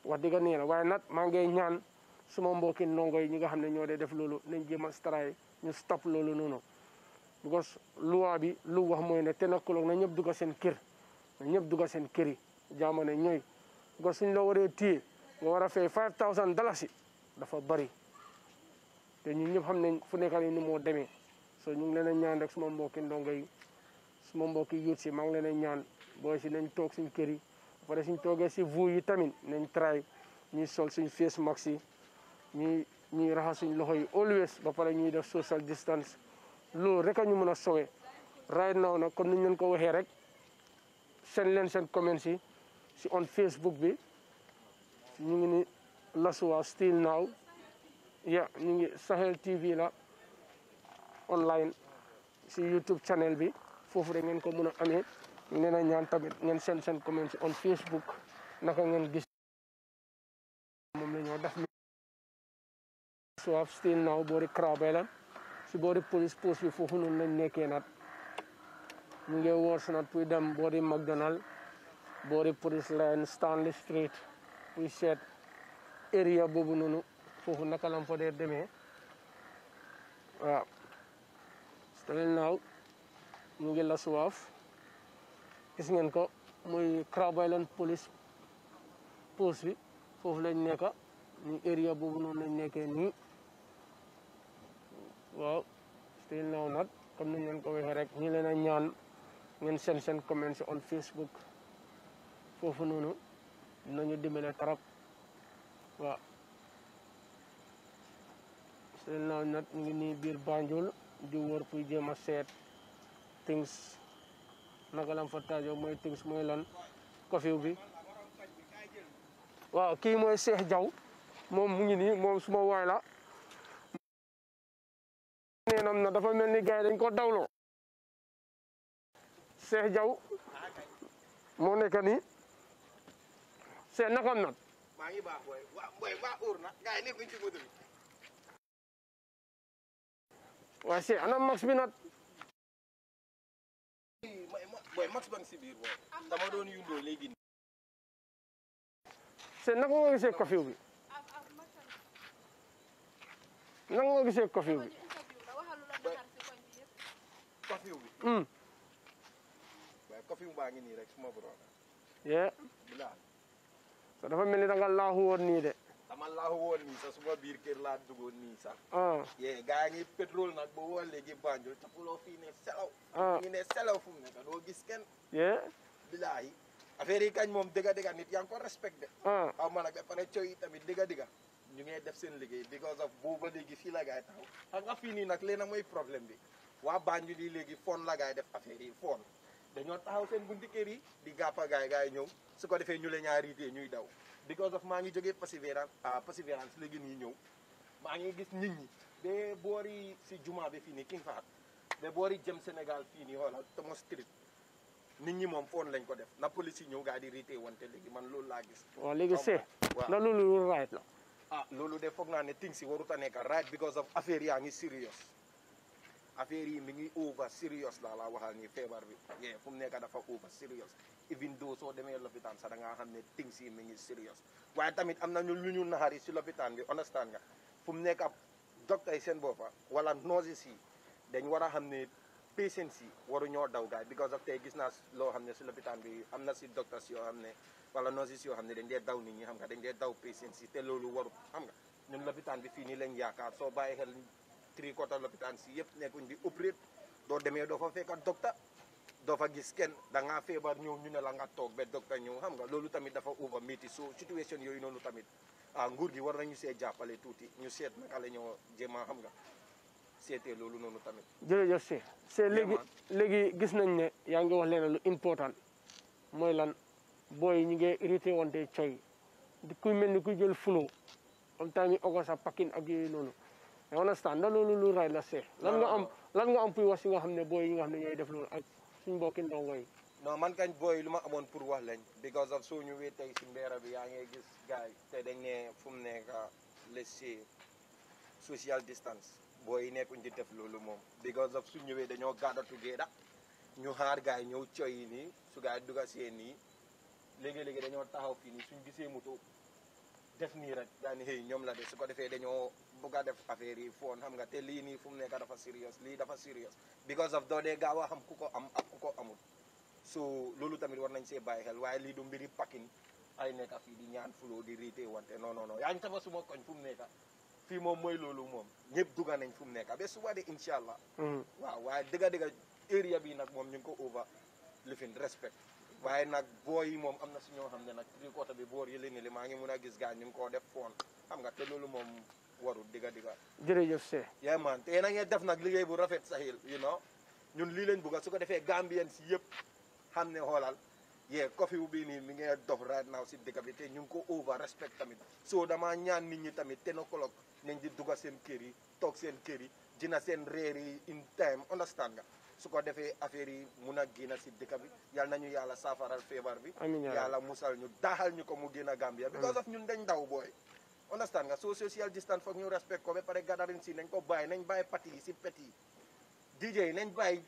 wa diga ne yàlla waaye nak ma ngay ñaan suma mbokki nongoy ñi nga xamné ño dé def lolu nañ jema stray ñu stop lolu nono because loi bi lu wax mooy ne tenakkuloog na ñëpp duga seen kër na ñëpp dugga seen kër yi jaamane ñooy because suñ la waré téye nga wara fay 5000 dollars dafa bari té ñun ñëpp xamné fu nekkal ni mo démé so ñu ngi leena ñaan rek suma mbokki nongoy suma mbokk yuut si maa ngi leen ñaan booy si nañ toog suñ kër yi pare suñ toogee si vuu yi tamit nañ try ñuy sol suñ face max yi ñuy ñuy raxas suñ loxo yi always ba pare ñuy def social distance loolu rek ñu mën a right now nag comme niñ leen ko waxee rek seen leen seen yi si on facebook bi ñu ngi ni lasuwa still now ya ñu ngi sahel tv la online si youtube channel bi foofu rek ngeen ko mën a amee ñu ñaan tamit ngeen seen seen comment on Facebook naka ngeen gis moom la ñoo def mi soif still now boori Krabbe la si boori police post foofu noonu lañ nekkee nat ñu ngi woor si nat puy dem boori McDonald boori police line Stanley Street puy seet area boobu noonu foofu naka lam fa dee demee waaw still now mu ngi la suwaaf gis ngeen ko muy Crab Island police post bi foofu lañ nekka ni area boobu noonu lañ nekkee nii waaw still now nag comme ni ngeen ko waxee rek ñu leen a ñaan ngeen seen seen comments on Facebook foofu noonu dinañu dimbale trop waaw still now nag ñu ngi nii biir Banjul di wër pour jéem a seet things naka lam fa taajo mooy things mooy lan kofiw bi waaw kii mooy seex jaw moom mu ngi moom suma waay la neenam na dafa mel ni gars yi dañ ko dawloo jaw moo nekk ni Cheikh nakam nat maa ngi baax booy booy max bi nat booy max bang doon yundoo léegi nii te naka gisee cofiw bi naka nga gisee cofiw bi cofiw bi hmm. dafa mel ni da nga laaxu woon nii de man la wol ni sa suma biir kër laa dugoon nii sax yee gaa ngi pétrole nag ba wol léegi Banjul tapuloo fii ne selaw ñu ne selaw fu mu nekk doo gis kenn yee ya. bilaayi affaire yi kañ moom dëgga dëgga nit yaa ngi ko respecté xaw ma nag ba pare coy tamit dëgga dëgga ñu ngee def seen liggéey because of booba léegi fii la gaay taxaw xam nga fii nii nag léegi nag mooy problème bi waa Banjul yi léegi foon la gaay def affaire yi foon dañoo taxaw seen bunti kër di gàppa gaay gaay ñëw su ko defee ñu la ñaari ñuy daw because of maa joge perseverance uh, perseverance legui ni ñew ñëw gis nit ñi ba boori si juma be fini King fat ba boori jëm senegal fini nii xoolal Thomas Street nit ñi mom fon lañ ko def na police ñew ñëw di rité wante legui man lool la gis. waaw legui c na lu right la. ah loolu de foog na ne things ci warut a right because of affaire yaa ngi serious affaire yi mi ngi over serious la la waxal ni febar bi ye fu mu nekk dafa over serious. even though soo demee lopitaan sax da xam ne things yi mi ngi serious waaye tamit am na lu ñu naxari si lopitaan bi understand nga fu mu nekk ab docteur yi seen boppa wala nurses yi dañ war a xam ne patients yi ñoo daw gaay because of tey gis naa loo xam ne si lopitaan bi am na si docteurs yoo xam ne wala nurses yoo xam ne dañ dee daw nit ñi xam nga dañ dee daw patients yi te loolu waru xam nga ñun lopitaan bi fii nii lañ yaakaar soo bàyyi xel tri quarter lopitaan si yëpp nekkuñ di doo gis ken da nga febar ñëw ñu ne la nga toog ba docteur ñëw xam nga lolu tamit dafa over métti so situation yoy nonu tamit ah nguur gi war nañu sé jappalé touti ñu sét nak ala ñoo jéema xam nga sété lolu nonu tamit. jërëjëf si sé légui légui gis nañ né ya nga wax leen lu important moy lan boy ñi ngi irrité wonté choy di kuy melni kuy jël fulo am tammi ogo sa pakin ak yoy nonu yow understand na lolu lu ray la sé lan nga am ah. lan nga am puy wax si nga xamné boy yi nga xamné ñoy def lolu ak. suñu mbokki ndongo yi non man kañ booy lu ma amoon pour wax lañ because of su wéy tey si mbeera bi yaa ngi gis gars yi te dañ ne fu mu nekk laisser social distance booy yi nekkuñ di def loolu moom because of su ñëwee dañoo gàddatu géeda ñu xaar gars ñëw coy yi nii su gars yi seen nii léegi-léegi dañoo taxaw fii nii suñ gisee moto def nii rek daani xëy ñoom la de su ko defee dañoo bugg a def affaire yi foon xam nga te lii nii fu mu nekk dafa serious lii dafa serious because of doo dee gaaw a xam ku ko am ak ku ko amul so loolu tamit war nañ see bàyyi xel waaye lii du mbiri pakin ay nekka fii di ñaan fuloo di riitee wante non non non yaa ngi tama suma koñ fu nekka fii moom mooy loolu moom ñëpp dugga nañ fu nekka ba suba de incha mm. waaw waaye dëgga dëgga area bi nag moom ñu ngi over living waaye nag booy yi moom am na si ñoo xam ne nag ci côté bi boor yi li ni li maa ngi mun a gis gaañ ñu ngi koo def foon xam nga te loolu moom warul digga digga jërëjëf Cheikh yaa man te yéen a def nag liggéey bu rafet sahil you know ñun lii lañ bëgg su ko defee Gambien si yëpp xam ne xoolal yee kofi wu bii nii mi ngi dox right now si digga bi te ñu ngi ko over respect tamit soo damaa ñaan nit ñi tamit ten o'clock nañ di dugga seen kër yi toog seen kër yi dina seen reer yi in time understand nga su ko defee affaire yi mun a génn si dëkk bi yal nañu yàlla saafaral feebar bi yàlla musal ñu daaxal ñu ko mu génn a Gambia because of ñun dañ daw booy understand nga so social distance foog ñu respect ko ba pare gadarin si nañ ko bàyyi nañ bàyyi pati yi si pet yi DJ nañ bàyyi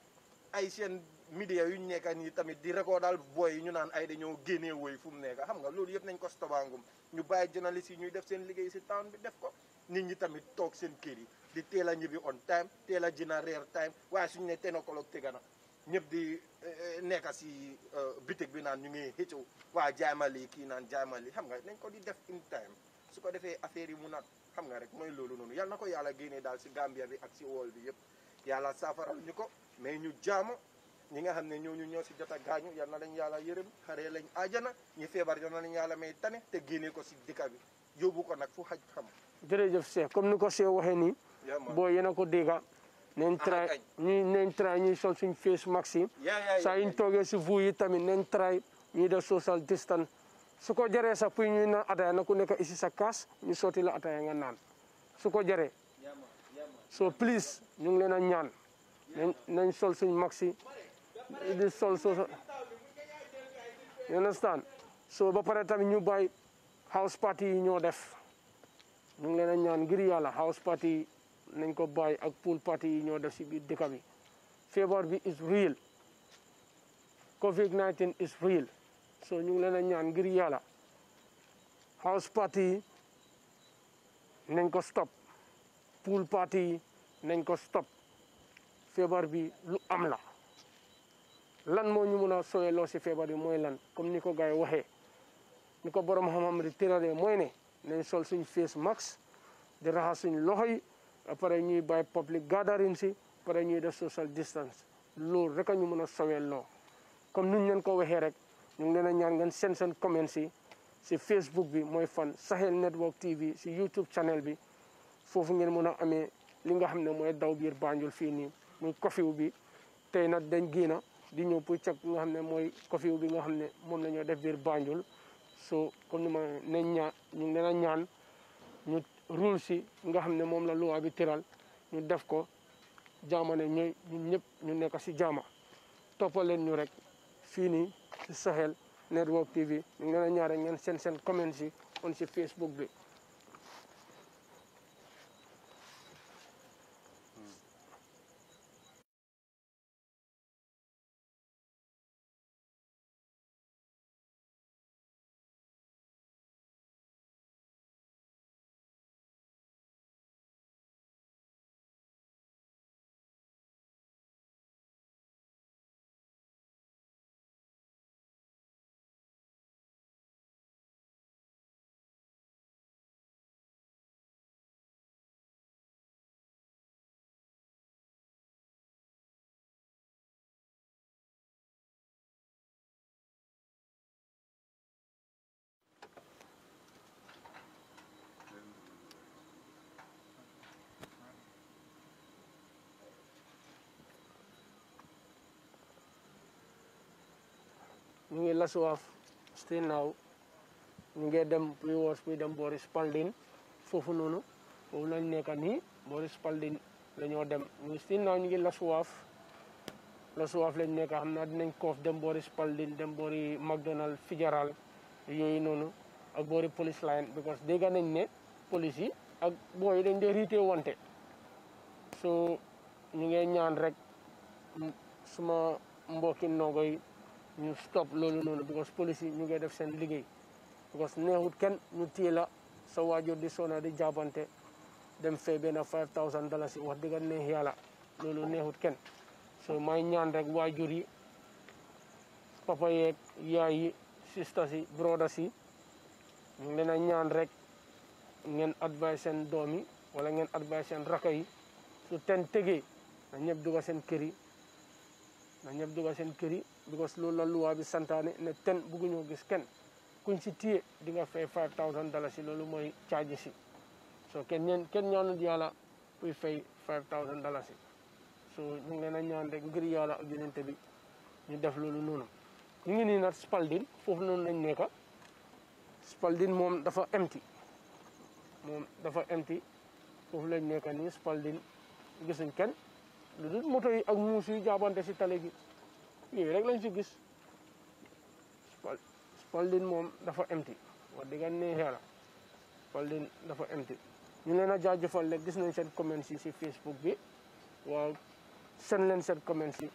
ay seen media yu ñu nekka nii tamit di rekoodal booy yi ñu naan ay dañoo génnee woy fu mu nekka xam nga loolu yëpp nañ ko stobangum ñu bàyyi journaliste yi ñuy def seen liggéey si town bi def ko nit ñi tamit toog seen kër yi di teel a ñibbi on time teel a dina reer time waaye suñ ne ten o'clock tëgg na ñëpp di eh, eh, nekk si eh, bitig bi naan ñu ngi xëccoo waa jaamali kii naan jaamali xam nga nañ ko di def in time su ko defee affaire yi mu nat xam nga rek mooy loolu noonu yal na ko yàlla génnee daal si Gambia bi ak si wool bi yëpp yàlla saafaral ñu ko mais ñu jaamo ñi nga xam ne ñu ñoo si jot a gaañu yal na lañ yàlla yërëm xaree lañ aajana ñu feebar yal na lañ yàlla may tane te génnee ko si dëkk ko nag fu xaj xam jërëjëf Cheikh comme ni ko Cheikh waxee nii boy yena ko dega nen ah, try ñi nen sol suñ face maxi sa ñu toge ci vous yi tamit nen social distance su jere sa fuy ñu na ataya na ku nekk isi sa kaas ñu soti la ataya nga jere so please ñu ngi leen a ñaan nañ sol suñ maxi di sol so you understand so ba pare tamit ñu house party yi ñoo def ñu ngi ñaan ngir house party nañ ko bàyyi ak pool party yi ñoo def si biir dëkk bi feebar bi is real covid 19 is real so ñu ngi leen a ñaan ngir yàlla house party yi nañ ko stop pool party yi nañ ko stop feebar bi lu am la lan moo ñu mun a sooyeloo si feebar bi mooy lan comme ni ko gars yi ni ko borom xam-xam di tërale mooy ne nañ sol suñ face mask di raxas suñ loxo après ñuy bàyyi public gathering si après ñuy def social distance loolu rek a ñu mën a sowee loo comme niñ leen ko waxee rek ñu ngi leen a ñaan ngeen seen seen comment si si Facebook bi mooy fan Sahel Network TV si YouTube channel bi foofu ngeen mën a amee li nga xam ne mooy daw biir Banjul fii nii muy curfew bi tey nag dañ génn di ñëw pour cek nga xam ne mooy curfew bi nga xam ne moom la ñoo def biir Banjul so comme ni ma ne ñu ngi leen a ñaan ñu rules yi nga xam ne moom la loi bi tëral ñu def ko jaama ne ñooy ñun ñëpp ñu nekk si jaama toppal leen ñu rek fii nii si Sahel Network TV ñu ngi leen a ñaare ngeen seen seen comments yi on si Facebook bi. ñu ngi lasuwaaf still now ñu ngi dem puy woos puy dem boori Spalding foofu noonu foofu lañ nekk nii boori Spalding lañoo dem ñu still now ñu ngi lasuwaaf lasuwaaf lañ nekk xam naa dinañ koof dem boori Spalding dem boori McDonald Fijaral yooyu noonu ak boori police line because dégg nañ ne police yi ak booy yi dañ dee riite wante so ñu ngi ñaan rek suma mbokki ndongo ñu stop loolu noonu because police yi ñu ngi def seen liggéey because neexut kenn ñu téye la sa waajur di sona di jaabante dem fay benn five thousand dollars yi wax dëgg neex yàlla loolu neexut kenn so may ñaan rek waajur yi papa yeeg yaay yi sisters yi brothers yi ñu ngi a ñaan rek ngeen advice seen doom yi wala ngeen advice seen raka yi su ten tegee na ñëpp dugg seen kër yi na ñëpp seen kër yi because loolu la luwaa bi santaane ne ten ñoo gis kenn kuñ si téye di nga fay five thousand dollars si loolu mooy charge si so kenn kenn ñaanut yàlla kuy fay five thousand dollars si so ñu ngi leen a ñaan rek ngir yàlla ak yonente bi ñu def loolu noonu ñu ngi nii nag Spalding foofu noonu lañ nekka Spalding moom dafa empty moom dafa empty foofu lañ nekka nii Spalding gisuñ kenn lu dul moto ak muus jaabante si tali bi yooyu rek lañ si gis Spalding mom dafa empty wax dëgg yàlla Spalding dafa empty ñu leen a jaajëfal rek gis nañ seen comments yi si Facebook bi waaw seen leen seen comments yi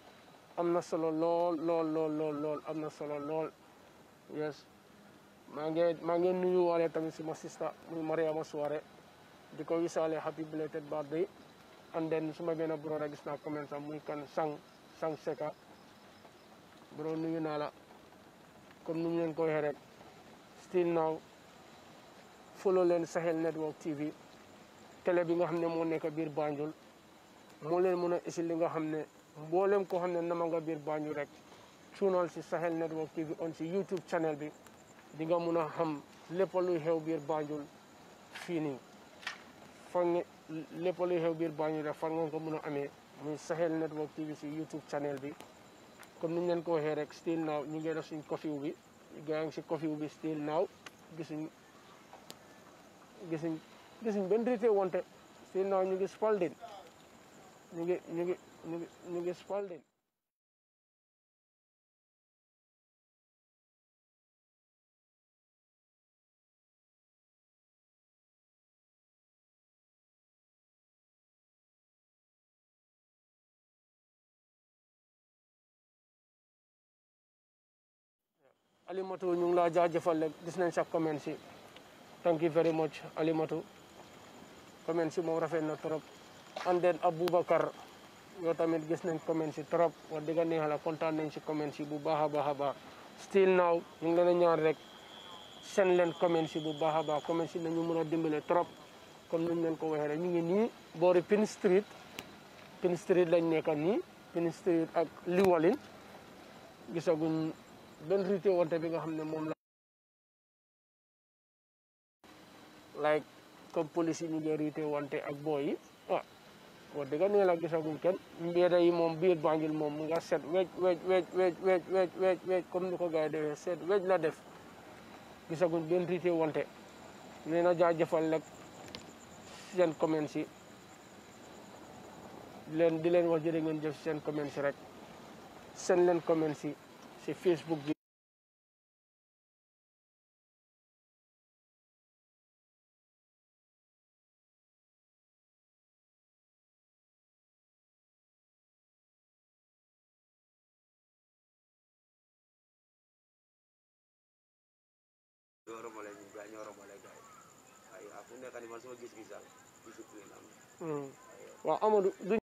am solo lol, lol, lol, lol. lool am solo lol. yes maa ngi maa ngi nuyu waale tamit suma sista muy Mariama Soare di ko wisaale happy belated birthday and then suma benn brother gis naa comments am muy kan sang sang seka borom nuyu na la comme nuñu len koy ko rek still now follow len Sahel Network TV télé bi nga xamné mo moo nekk biir Banjul mo len mëna a li nga xamné mbolem ko xamné nama nga biir Banjul rek tunal ci Sahel Network TV on ci YouTube channel bi di nga mëna xam lepp lu xew biir Banjul fini nii lepp lu xew biir Banjul rek fan nga ko mën a muy Sahel Network TV ci YouTube channel bi comme ni ñu leen ko waxee rek still now ñu ngi def suñ wu bi gaa ngi si curfew bi still now gisuñ gisuñ gisuñ benn rite wante still now ñu ngi spalding ñu ngi ñu ngi ñu ngi ñu ngi spalding Alimatou ñu ngi laa jaajëfal rek gis nañ sax comment si thank you very much Alimatou comment moom rafet na trop and then bakar yoo tamit gis nañ comment si trop wax dëgg neexala kontaan nañ si comment si bu baax a baax a baax still now ñu ngi leen a ñaan rek seen leen comment bu baax a baax comment si nañu mën a dimbale trop comme niñ leen ko waxee rek ñu ngi nii boori Pin Street Pin Street lañ nekka nii Pin Street ak Liwalin gisaguñ doon rité wante bi nga xam ne moom la like comme police yi ñu ngi rité wante ak booy yi ah, wax dëgg nii la gisagul kenn mbéeda yi moom biir Banjul moom mu nga set wej wej wej wej wej wej wej wej comme ni ko gars set wej la def gisaguñ benn rité wante nee na jaajëfal rek seen comments leen di leen wax jërë ngeen jëf seen comments rek seen leen comments si Facebook sama gis-gisal gisu président bi hmm. waaw Amadou